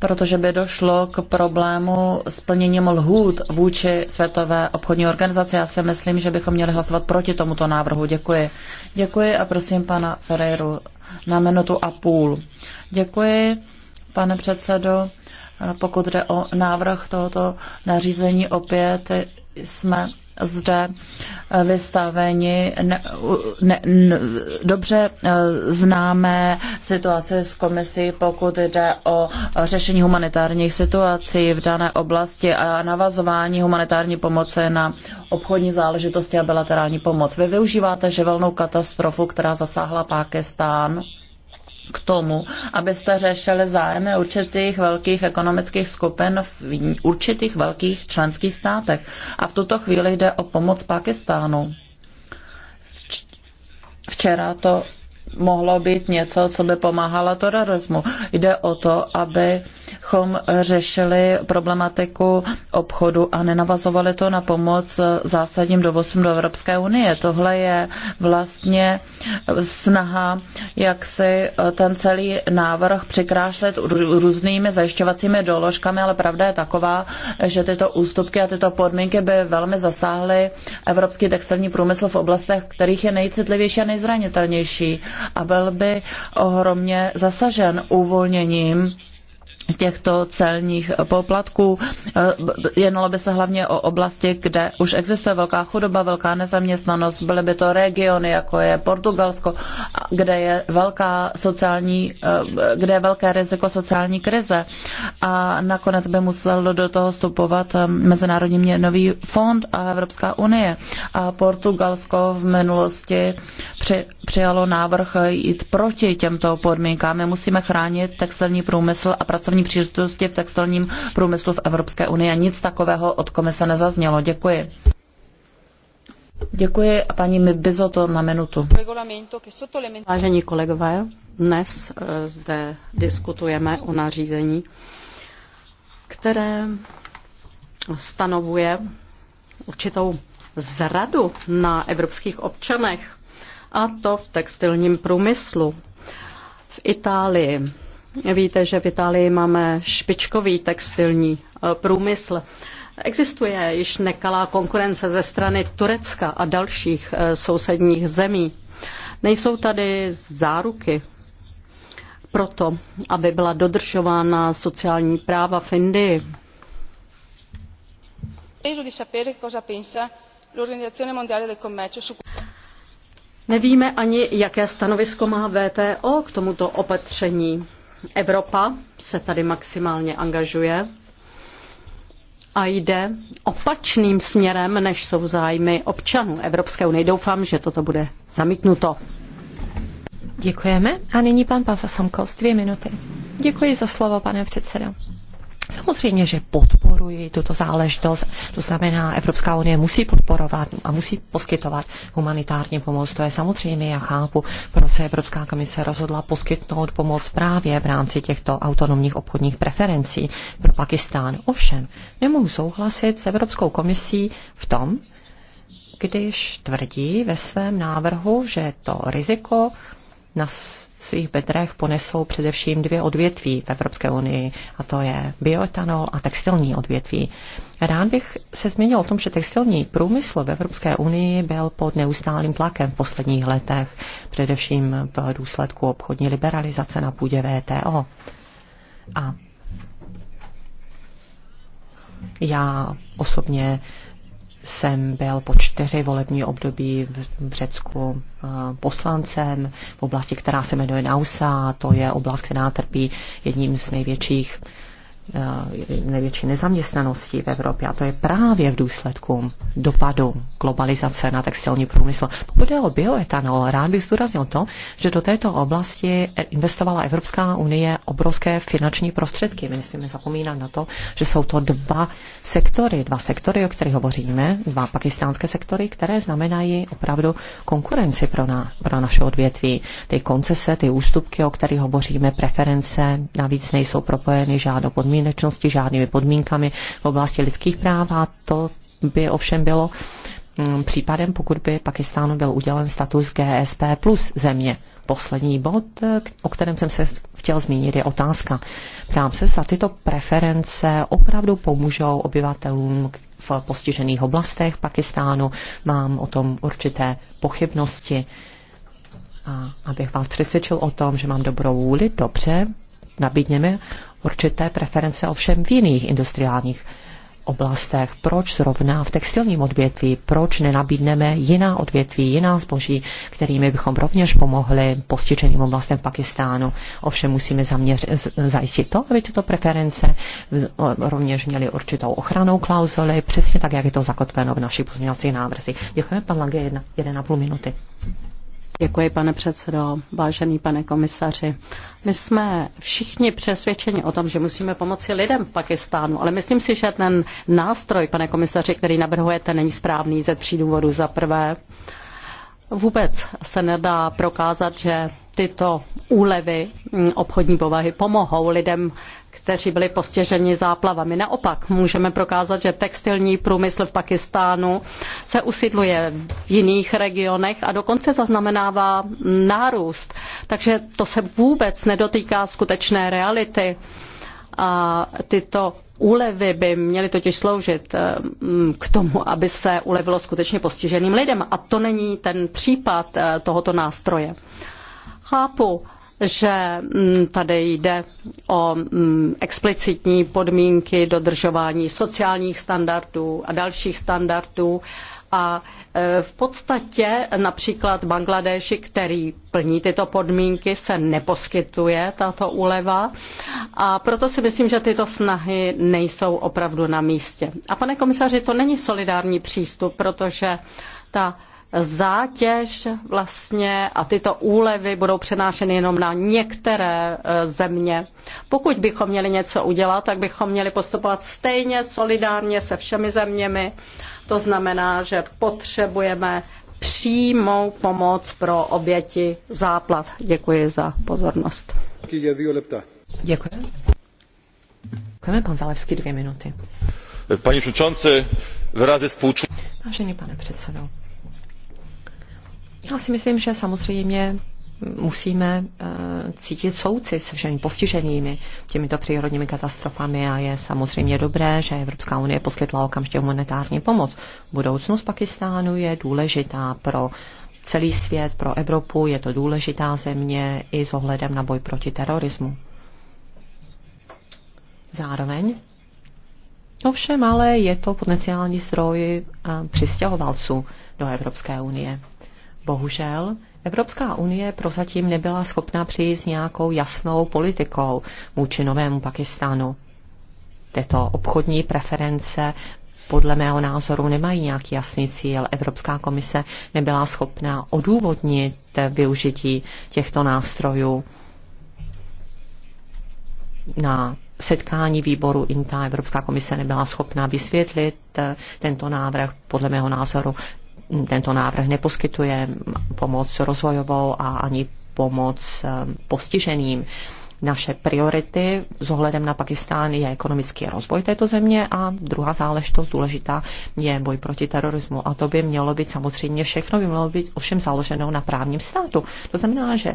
protože by došlo k problému splnění lhůt vůči Světové obchodní organizaci. Já si myslím, že bychom měli hlasovat proti tomuto návrhu. Děkuji. Děkuji a prosím pana Ferreiru na minutu a půl. Děkuji pane předsedo. Pokud jde o návrh tohoto nařízení, opět jsme zde vystaveni ne, ne, ne, dobře e, známé situace s komisí, pokud jde o řešení humanitárních situací v dané oblasti a navazování humanitární pomoci na obchodní záležitosti a bilaterální pomoc. Vy využíváte živelnou katastrofu, která zasáhla Pákistán k tomu, abyste řešili zájmy určitých velkých ekonomických skupin v určitých velkých členských státech. A v tuto chvíli jde o pomoc Pakistánu. Včera to mohlo být něco, co by pomáhalo terorismu. Jde o to, abychom řešili problematiku obchodu a nenavazovali to na pomoc zásadním dovozům do Evropské unie. Tohle je vlastně snaha, jak si ten celý návrh přikrášlet různými zajišťovacími doložkami, ale pravda je taková, že tyto ústupky a tyto podmínky by velmi zasáhly evropský textilní průmysl v oblastech, kterých je nejcitlivější a nejzranitelnější a byl by ohromně zasažen uvolněním těchto celních poplatků. Eh, jednalo by se hlavně o oblasti, kde už existuje velká chudoba, velká nezaměstnanost. Byly by to regiony, jako je Portugalsko, kde je, velká sociální, eh, kde je velké riziko sociální krize. A nakonec by musel do toho vstupovat eh, Mezinárodní měnový fond a Evropská unie. A Portugalsko v minulosti při, přijalo návrh jít proti těmto podmínkám. My musíme chránit textilní průmysl a pracovní pracovní příležitosti v textilním průmyslu v Evropské unii a nic takového od komise nezaznělo. Děkuji. Děkuji a paní Bizoto na minutu. Vážení kolegové, dnes eh, zde diskutujeme o nařízení, které stanovuje určitou zradu na evropských občanech, a to v textilním průmyslu. V Itálii Víte, že v Itálii máme špičkový textilní eh, průmysl. Existuje již nekalá konkurence ze strany Turecka a dalších eh, sousedních zemí. Nejsou tady záruky proto, aby byla dodržována sociální práva v Indii. Nevíme ani, jaké stanovisko má VTO k tomuto opatření. Evropa se tady maximálně angažuje a jde opačným směrem, než jsou zájmy občanů Evropské unie. Doufám, že toto bude zamítnuto. Děkujeme. A nyní pan Pavel Samkos, dvě minuty. Děkuji za slovo, pane předsedo. Samozřejmě, že podporuji tuto záležitost, to znamená, Evropská unie musí podporovat a musí poskytovat humanitární pomoc. To je samozřejmě, já chápu, proč se Evropská komise rozhodla poskytnout pomoc právě v rámci těchto autonomních obchodních preferencí pro Pakistán. Ovšem, nemohu souhlasit s Evropskou komisí v tom, když tvrdí ve svém návrhu, že to riziko na svých bedrech ponesou především dvě odvětví v Evropské unii, a to je bioetanol a textilní odvětví. Rád bych se zmínil o tom, že textilní průmysl v Evropské unii byl pod neustálým tlakem v posledních letech, především v důsledku obchodní liberalizace na půdě VTO. A já osobně uh, jsem byl po čtyři volební období v Řecku eh, poslancem v oblasti, která se jmenuje Nausa. To je oblast, která trpí jedním z největších Eh, největší nezaměstnanosti v Evropě a to je právě v důsledku dopadu globalizace na textilní průmysl. Pokud je o bioetanol, rád bych zdůraznil to, že do této oblasti investovala Evropská unie obrovské finanční prostředky. My nesmíme zapomínat na to, že jsou to dva sektory, dva sektory, o kterých hovoříme, dva pakistánské sektory, které znamenají opravdu konkurenci pro, na, pro naše odvětví. Ty koncese, ty ústupky, o kterých hovoříme, preference navíc nejsou propojeny žádnou podmínkou podmínečnosti, žádnými podmínkami v oblasti lidských práv a to by ovšem bylo mm, případem, pokud by Pakistánu byl udělen status GSP plus země. Poslední bod, eh, o kterém jsem se chtěl zmínit, je otázka. Ptám se, zda tyto preference opravdu pomůžou obyvatelům v postižených oblastech Pakistánu. Mám o tom určité pochybnosti. A abych vás přesvědčil o tom, že mám dobrou vůli, dobře, nabídněme určité preference ovšem v jiných industriálních oblastech. Proč zrovna v textilním odvětví? Proč nenabídneme jiná odvětví, jiná zboží, kterými bychom rovněž pomohli postiženým oblastem v Pakistánu? Ovšem musíme zaměř, zajistit to, aby tyto preference rovněž měly určitou ochranou klauzuly, přesně tak, jak je to zakotveno v naší pozměňovacích návrzích. Děkujeme, pan Lange, jedna, jeden a půl minuty. Děkuji, pane předsedo, vážený pane komisaři. My jsme všichni přesvědčeni o tom, že musíme pomoci lidem v Pakistánu, ale myslím si, že ten nástroj, pane komisaři, který navrhujete, není správný ze tří důvodů. Za prvé, vůbec se nedá prokázat, že tyto úlevy obchodní povahy pomohou lidem kteří byli postiženi záplavami. Naopak můžeme prokázat, že textilní průmysl v Pakistánu se usidluje v jiných regionech a dokonce zaznamenává nárůst. Takže to se vůbec nedotýká skutečné reality. A tyto úlevy by měly totiž sloužit eh, k tomu, aby se ulevilo skutečně postiženým lidem. A to není ten případ eh, tohoto nástroje. Chápu, že mm, tady jde o mm, explicitní podmínky dodržování sociálních standardů a dalších standardů a e, v podstatě například Bangladeši, který plní tyto podmínky, se neposkytuje tato úleva a proto si myslím, že tyto snahy nejsou opravdu na místě. A pane komisaři, to není solidární přístup, protože ta zátěž vlastně a tyto úlevy budou přenášeny jenom na některé e, země. Pokud bychom měli něco udělat, tak bychom měli postupovat stejně solidárně se všemi zeměmi. To znamená, že potřebujeme přímou pomoc pro oběti záplav. Děkuji za pozornost. Děkuji. Děkujeme, pan Zalevský, dvě minuty. Panie předsedající, wyrazy współczucia. Vážený pane předsedo, já si myslím, že samozřejmě musíme eh, cítit souci se všemi postiženými těmito přírodními katastrofami a je samozřejmě dobré, že Evropská unie poskytla okamžitě humanitární pomoc. Budoucnost Pakistánu je důležitá pro celý svět, pro Evropu, je to důležitá země i s ohledem na boj proti terorismu. Zároveň Ovšem ale je to potenciální zdroj eh, přistěhovalců do Evropské unie. Bohužel, Evropská unie prozatím nebyla schopna přijít s nějakou jasnou politikou vůči novému Pakistánu. Tyto obchodní preference podle mého názoru nemají nějaký jasný cíl. Evropská komise nebyla schopná odůvodnit využití těchto nástrojů na setkání výboru INTA Evropská komise nebyla schopná vysvětlit tento návrh. Podle mého názoru tento návrh neposkytuje pomoc rozvojovou a ani pomoc eh, postiženým. Naše priority s ohledem na Pakistán je ekonomický rozvoj této země a druhá záležitost důležitá je boj proti terorismu. A to by mělo být samozřejmě všechno, by mělo být ovšem založeno na právním státu. To znamená, že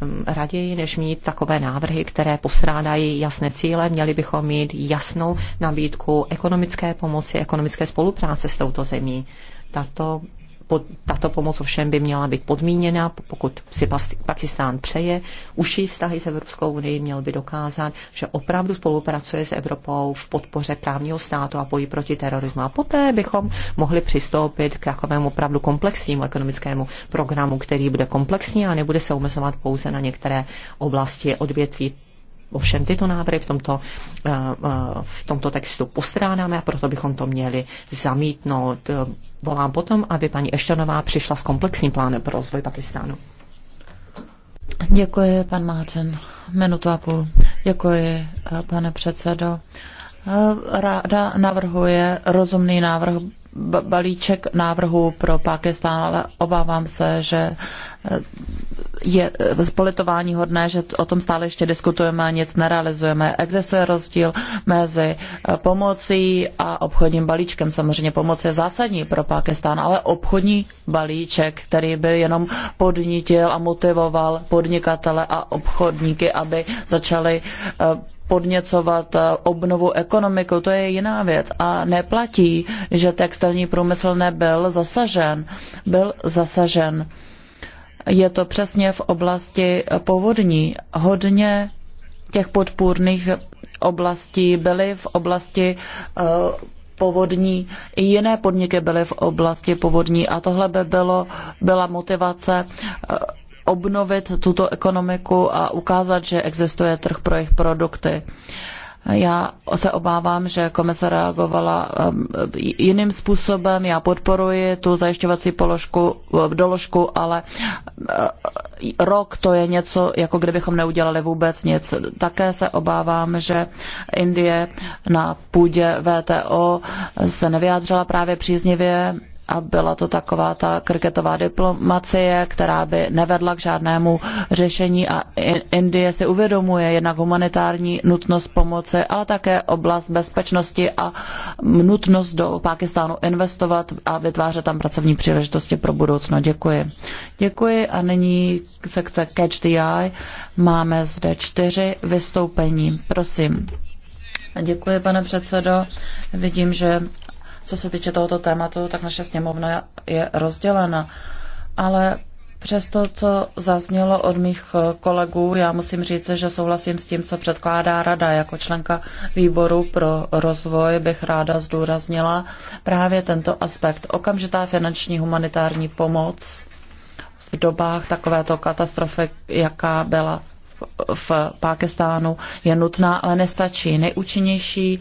hm, raději, než mít takové návrhy, které postrádají jasné cíle, měli bychom mít jasnou nabídku ekonomické pomoci, ekonomické spolupráce s touto zemí. Tato, po, tato pomoc ovšem by měla být podmíněna, pokud si Pakistán přeje užší vztahy s Evropskou unii, měl by dokázat, že opravdu spolupracuje s Evropou v podpoře právního státu a boji proti terorismu. A poté bychom mohli přistoupit k takovému opravdu komplexnímu ekonomickému programu, který bude komplexní a nebude se omezovat pouze na některé oblasti odvětví Ovšem tyto návrhy v tomto, eh, eh, v tomto textu postrádáme a proto bychom to měli zamítnout. Volám potom, aby paní Eštanová přišla s komplexním plánem pro rozvoj Pakistánu. Děkuji, pan Máčen. Minutu a půl. Děkuji, eh, pane předsedo. Ráda navrhuje rozumný návrh balíček návrhů pro Pákistán, ale obávám se, že eh, je spolitování eh, hodné, že o tom stále ještě diskutujeme a nic nerealizujeme. Existuje rozdíl mezi eh, pomocí a obchodním balíčkem. Samozřejmě pomoc je zásadní pro Pákistán, ale obchodní balíček, který by jenom podnítil a motivoval podnikatele a obchodníky, aby začali podněcovat eh, obnovu ekonomiku, to je jiná věc. A neplatí, že textilní průmysl nebyl zasažen. Byl zasažen. Je to přesně v oblasti povodní. Hodně těch podpůrných oblastí byly v oblasti eh, povodní, i jiné podniky byly v oblasti povodní a tohle by bylo, byla motivace eh, obnovit tuto ekonomiku a ukázat, že existuje trh pro jejich produkty. Já se obávám, že komise reagovala um, jiným způsobem. Já podporuji tu zajišťovací položku, doložku, ale uh, rok to je něco, jako kdybychom neudělali vůbec nic. Také se obávám, že Indie na půdě VTO se nevyjádřila právě příznivě a byla to taková ta kriketová diplomacie, která by nevedla k žádnému řešení a Indie si uvědomuje jednak humanitární nutnost pomoci, ale také oblast bezpečnosti a nutnost do Pákistánu investovat a vytvářet tam pracovní příležitosti pro budoucno. Děkuji. Děkuji a nyní sekce Catch the Eye. Máme zde čtyři vystoupení. Prosím. Děkuji, pane předsedo. Vidím, že co se týče tohoto tématu, tak naše sněmovna je rozdělena. Ale přesto co zaznělo od mých kolegů, já musím říct, že souhlasím s tím, co předkládá Rada. Jako členka výboru pro rozvoj bych ráda zdůraznila právě tento aspekt. Okamžitá finanční humanitární pomoc v dobách takovéto katastrofy, jaká byla v Pákistánu, je nutná, ale nestačí. Nejúčinnější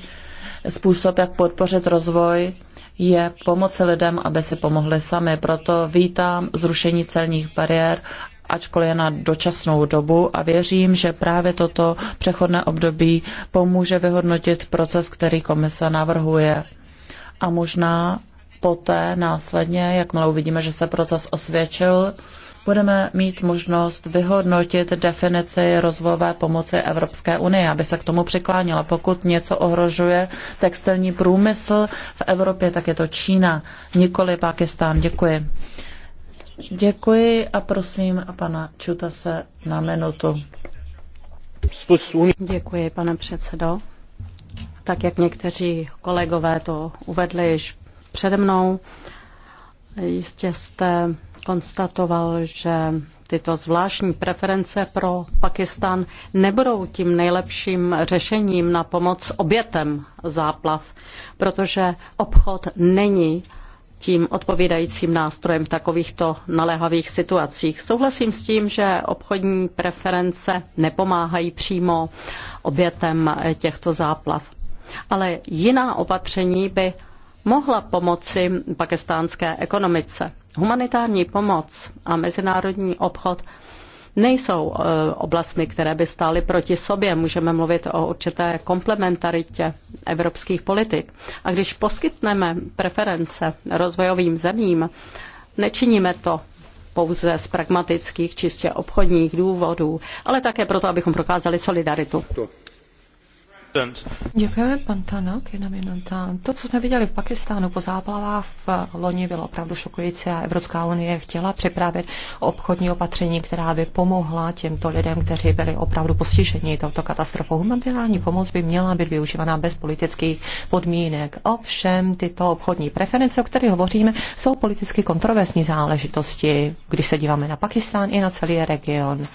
způsob, jak podpořit rozvoj, je pomoci lidem, aby si pomohli sami. Proto vítám zrušení celních bariér ačkoliv je na dočasnou dobu a věřím, že právě toto přechodné období pomůže vyhodnotit proces, který komise navrhuje. A možná poté následně, jakmile uvidíme, že se proces osvědčil, budeme mít možnost vyhodnotit definici rozvojové pomoci Evropské unie, aby se k tomu přiklánila. Pokud něco ohrožuje textilní průmysl v Evropě, tak je to Čína, nikoli Pakistán. Děkuji. Děkuji a prosím a pana Čuta se na minutu. Děkuji, pane předsedo. Tak jak někteří kolegové to uvedli již přede mnou, Jistě jste konstatoval, že tyto zvláštní preference pro Pakistan nebudou tím nejlepším řešením na pomoc obětem záplav, protože obchod není tím odpovídajícím nástrojem v takovýchto naléhavých situacích. Souhlasím s tím, že obchodní preference nepomáhají přímo obětem těchto záplav. Ale jiná opatření by mohla pomoci pakistánské ekonomice. Humanitární pomoc a mezinárodní obchod nejsou e, oblastmi, které by stály proti sobě. Můžeme mluvit o určité komplementaritě evropských politik. A když poskytneme preference rozvojovým zemím, nečiníme to pouze z pragmatických, čistě obchodních důvodů, ale také proto, abychom prokázali solidaritu. Děkujeme, pan Tanok, jedna minuta. To, co jsme viděli v Pakistánu po záplavách v loni, bylo opravdu šokující a Evropská unie chtěla připravit obchodní opatření, která by pomohla těmto lidem, kteří byli opravdu postiženi touto katastrofou. Humanitární pomoc by měla být využívaná bez politických podmínek. Ovšem, tyto obchodní preference, o kterých hovoříme, jsou politicky kontroverzní záležitosti, když se díváme na Pakistán i na celý region.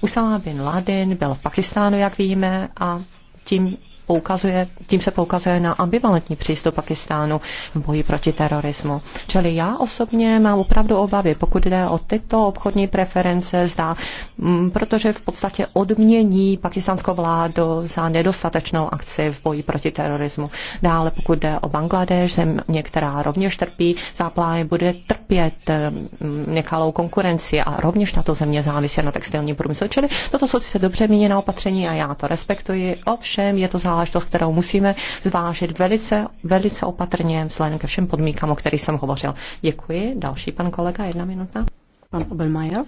Usama bin Laden byl v Pakistánu, jak víme, a tím poukazuje, tím se poukazuje na ambivalentní přístup Pakistánu v boji proti terorismu. Čili já osobně mám opravdu obavy, pokud jde o tyto obchodní preference, zdá, mm, protože v podstatě odmění pakistánskou vládu za nedostatečnou akci v boji proti terorismu. Dále, pokud jde o Bangladeš, země, která rovněž trpí zápláje, bude trpět mm, nekalou konkurenci a rovněž tato země závisí na textilním průmyslu. Čili toto jsou sice dobře míněná opatření a já to respektuji, ovšem je to záležitost záležitost, kterou musíme zvážit velice, velice opatrně vzhledem ke všem podmínkám, o kterých jsem hovořil. Děkuji. Další pan kolega, jedna minuta. Pan Obelmajer.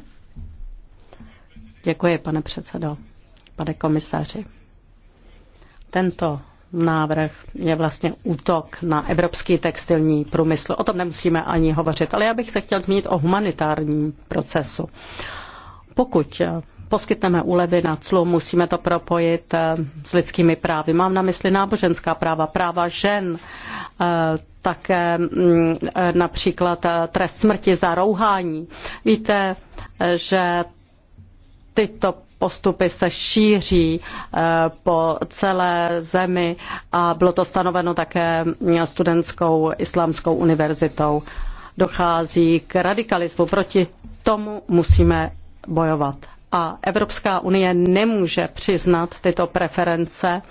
Děkuji, pane předsedo, pane komisaři. Tento návrh je vlastně útok na evropský textilní průmysl. O tom nemusíme ani hovořit, ale já bych se chtěl zmínit o humanitárním procesu. Pokud poskytneme úlevy na clu, musíme to propojit eh, s lidskými právy. Mám na mysli náboženská práva, práva žen, eh, také mm, eh, například trest smrti za rouhání. Víte, že tyto postupy se šíří po celé zemi a bylo to stanoveno také mm, studentskou islámskou univerzitou. Dochází k radikalismu. Proti tomu musíme bojovat a Evropská unie nemůže přiznat tyto preference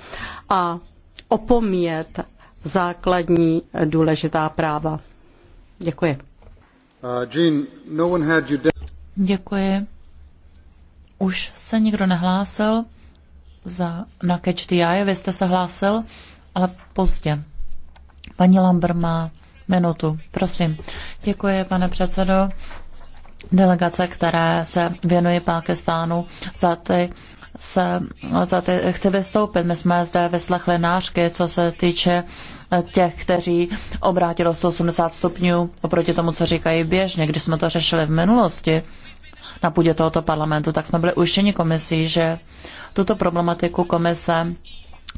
a opomíjet základní důležitá práva. Děkuji. Uh, Jean, no one had you Děkuji. Už se nikdo nehlásil za, na Catch the Eye, vy jste se hlásil, ale pozdě. Paní Lambert má minutu, prosím. Děkuji, pane předsedo delegace, které se věnují Pákistánu, za ty se za ty, chci vystoupit. My jsme zde vyslechli nářky, co se týče těch, kteří obrátili 180 stupňů oproti tomu, co říkají běžně. Když jsme to řešili v minulosti na půdě tohoto parlamentu, tak jsme byli ujištěni komisí, že tuto problematiku komise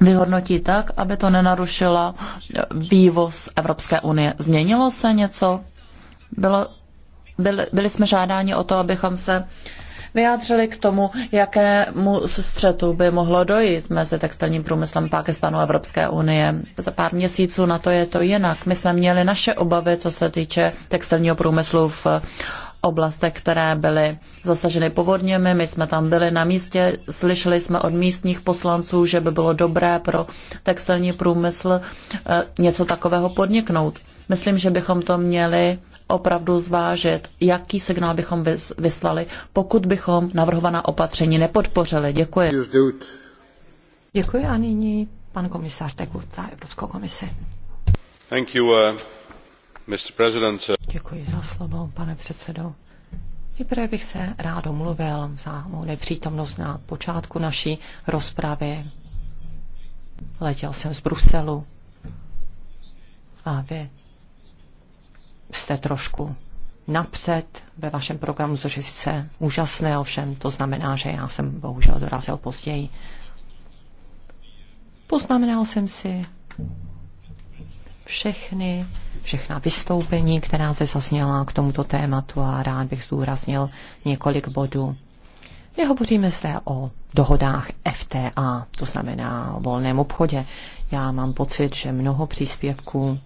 vyhodnotí tak, aby to nenarušila vývoz Evropské unie. Změnilo se něco? Bylo byli, byli jsme žádáni o to, abychom se vyjádřili k tomu, jakému střetu by mohlo dojít mezi textilním průmyslem Pákistánu a Evropské unie. Za pár měsíců na to je to jinak. My jsme měli naše obavy, co se týče textilního průmyslu v oblastech, které byly zasaženy povodněmi. My jsme tam byli na místě, slyšeli jsme od místních poslanců, že by bylo dobré pro textilní průmysl eh, něco takového podniknout. Myslím, že bychom to měli opravdu zvážit, jaký signál bychom vyslali, pokud bychom navrhovaná opatření nepodpořili. Děkuji. Děkuji a nyní pan komisář Tekut za Evropskou komisi. Thank you, uh, Mr. President. Děkuji za slovo, pane předsedo. Nejprve bych se rád omluvil za mou nepřítomnost na počátku naší rozpravy. Letěl jsem z Bruselu a vy jste trošku napřed ve vašem programu, což je sice úžasné, ovšem to znamená, že já jsem bohužel dorazil později. Poznamenal jsem si všechny, všechna vystoupení, která zde zazněla k tomuto tématu a rád bych zdůraznil několik bodů. My hovoříme zde o dohodách FTA, to znamená o volném obchodě. Já mám pocit, že mnoho příspěvků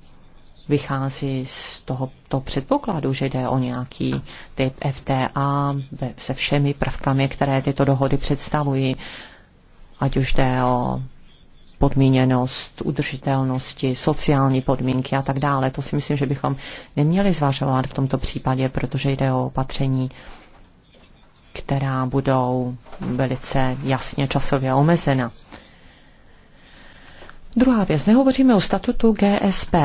vychází z tohoto předpokladu, že jde o nějaký typ FTA se všemi prvkami, které tyto dohody představují, ať už jde o podmíněnost, udržitelnosti, sociální podmínky a tak dále. To si myslím, že bychom neměli zvažovat v tomto případě, protože jde o opatření, která budou velice jasně časově omezena. Druhá věc. Nehovoříme o statutu GSP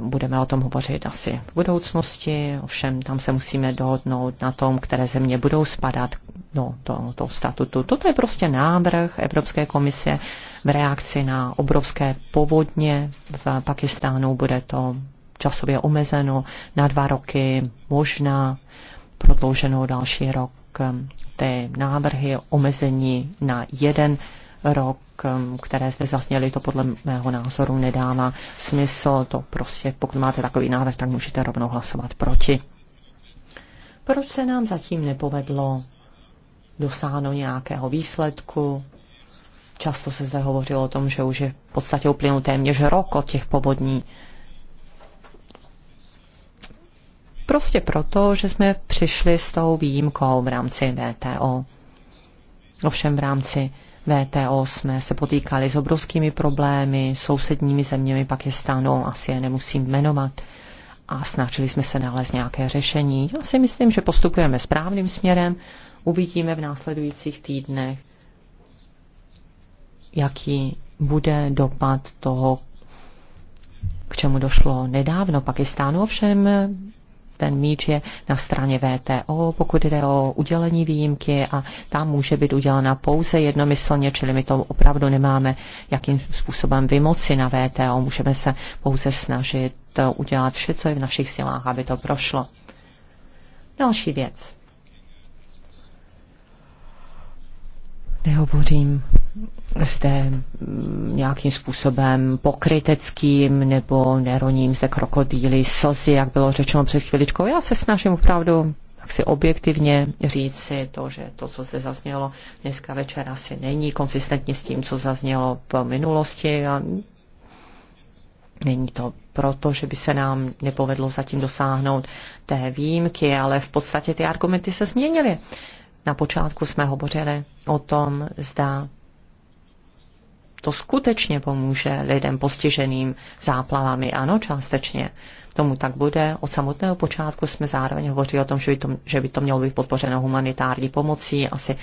budeme o tom hovořit asi v budoucnosti, ovšem tam se musíme dohodnout na tom, které země budou spadat do no, toho statutu. Toto je prostě návrh Evropské komise v reakci na obrovské povodně v Pakistánu. Bude to časově omezeno na dva roky, možná prodlouženo další rok. Ty návrhy omezení na jeden rok, um, které zde zasněly, to podle mého názoru nedává smysl. To prostě, pokud máte takový návrh, tak můžete rovnou hlasovat proti. Proč se nám zatím nepovedlo dosáhnout nějakého výsledku? Často se zde hovořilo o tom, že už je v podstatě uplynul téměř rok od těch povodní. Prostě proto, že jsme přišli s tou výjimkou v rámci VTO. Ovšem v rámci VTO jsme se potýkali s obrovskými problémy, sousedními zeměmi Pakistánu, asi je nemusím jmenovat, a snažili jsme se nalézt nějaké řešení. Já si myslím, že postupujeme správným směrem, uvidíme v následujících týdnech, jaký bude dopad toho, k čemu došlo nedávno Pakistánu. Ovšem ten míč je na straně VTO, pokud jde o udělení výjimky a tam může být udělena pouze jednomyslně, čili my to opravdu nemáme jakým způsobem vymoci na VTO, můžeme se pouze snažit eh, udělat vše, co je v našich silách, aby to prošlo. Další věc. Nehovořím zde mm, nějakým způsobem pokryteckým nebo neroním zde krokodýly slzy, jak bylo řečeno před chviličkou. Já se snažím opravdu tak si objektivně říci to, že to, co zde zaznělo dneska večer, asi není konsistentně s tím, co zaznělo v minulosti a Není to proto, že by se nám nepovedlo zatím dosáhnout té výjimky, ale v podstatě ty argumenty se změnily. Na počátku jsme hovořili o tom, zda to skutečně pomůže lidem postiženým záplavami. Ano, částečně tomu tak bude. Od samotného počátku jsme zároveň hovořili o tom, že by to, že by to mělo být podpořeno humanitární pomocí. Asi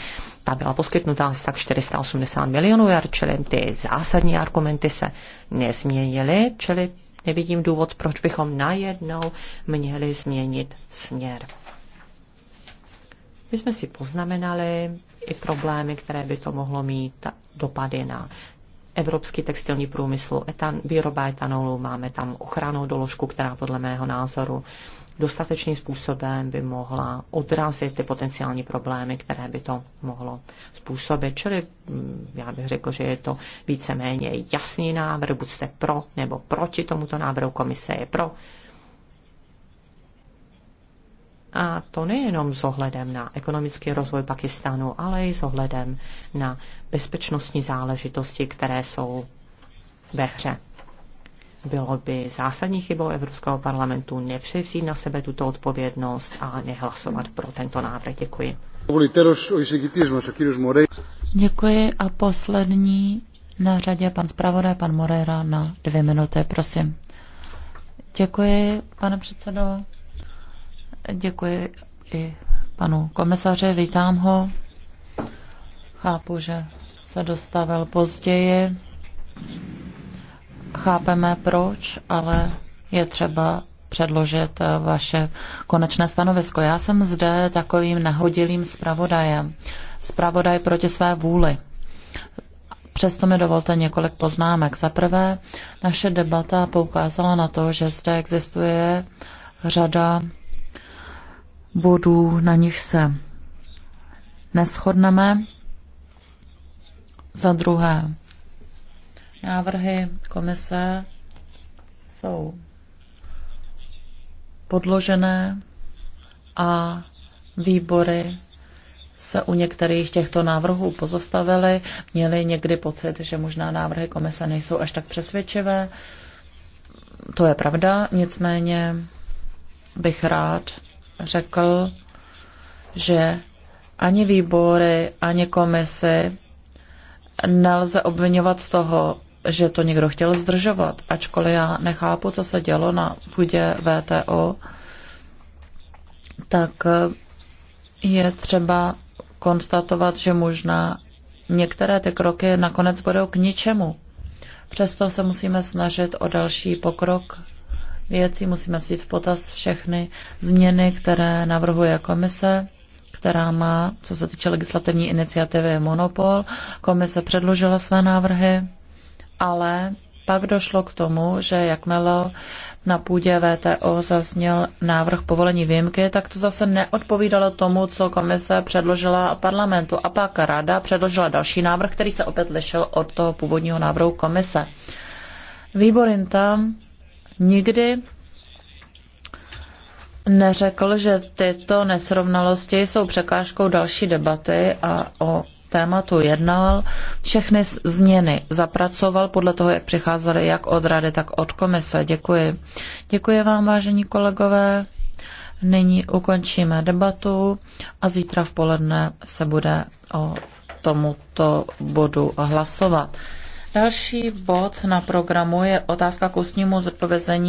ta byla poskytnutá asi tak 480 milionů jar, čili ty zásadní argumenty se nezměnily, čili nevidím důvod, proč bychom najednou měli změnit směr. My jsme si poznamenali i problémy, které by to mohlo mít dopady na evropský textilní průmysl, etan, výroba etanolu, máme tam ochranou doložku, která podle mého názoru dostatečným způsobem by mohla odrazit ty potenciální problémy, které by to mohlo způsobit. Čili mm, já bych řekl, že je to víceméně jasný návrh, buď jste pro nebo proti tomuto návrhu, komise je pro, a to nejenom s ohledem na ekonomický rozvoj Pakistánu, ale i s ohledem na bezpečnostní záležitosti, které jsou ve hře. Bylo by zásadní chybou Evropského parlamentu nepřevzít na sebe tuto odpovědnost a nehlasovat pro tento návrh. Děkuji. Děkuji a poslední na řadě pan zpravodaj, pan Moreira na dvě minuty, prosím. Děkuji, pane předsedo. Děkuji i panu komisaři, vítám ho. Chápu, že se dostavil později. Chápeme proč, ale je třeba předložit vaše konečné stanovisko. Já jsem zde takovým nahodilým zpravodajem. Zpravodaj proti své vůli. Přesto mi dovolte několik poznámek. Za prvé, naše debata poukázala na to, že zde existuje řada bodů, na nich se neschodneme. Za druhé, návrhy komise jsou podložené a výbory se u některých těchto návrhů pozastavily, měli někdy pocit, že možná návrhy komise nejsou až tak přesvědčivé. To je pravda, nicméně bych rád řekl, že ani výbory, ani komisy nelze obvinovat z toho, že to někdo chtěl zdržovat. Ačkoliv já nechápu, co se dělo na půdě VTO, tak je třeba konstatovat, že možná některé ty kroky nakonec budou k ničemu. Přesto se musíme snažit o další pokrok věcí. Musíme vzít v potaz všechny změny, které navrhuje komise která má, co se týče legislativní iniciativy, monopol. Komise předložila své návrhy, ale pak došlo k tomu, že jakmile na půdě VTO zazněl návrh povolení výjimky, tak to zase neodpovídalo tomu, co komise předložila parlamentu. A pak rada předložila další návrh, který se opět lišil od toho původního návrhu komise. Výbor INTA nikdy neřekl, že tyto nesrovnalosti jsou překážkou další debaty a o tématu jednal, všechny změny zapracoval podle toho, jak přicházely jak od rady, tak od komise. Děkuji. Děkuji vám, vážení kolegové. Nyní ukončíme debatu a zítra v poledne se bude o tomuto bodu hlasovat. Další bod na programu je otázka k ústnímu zodpovězení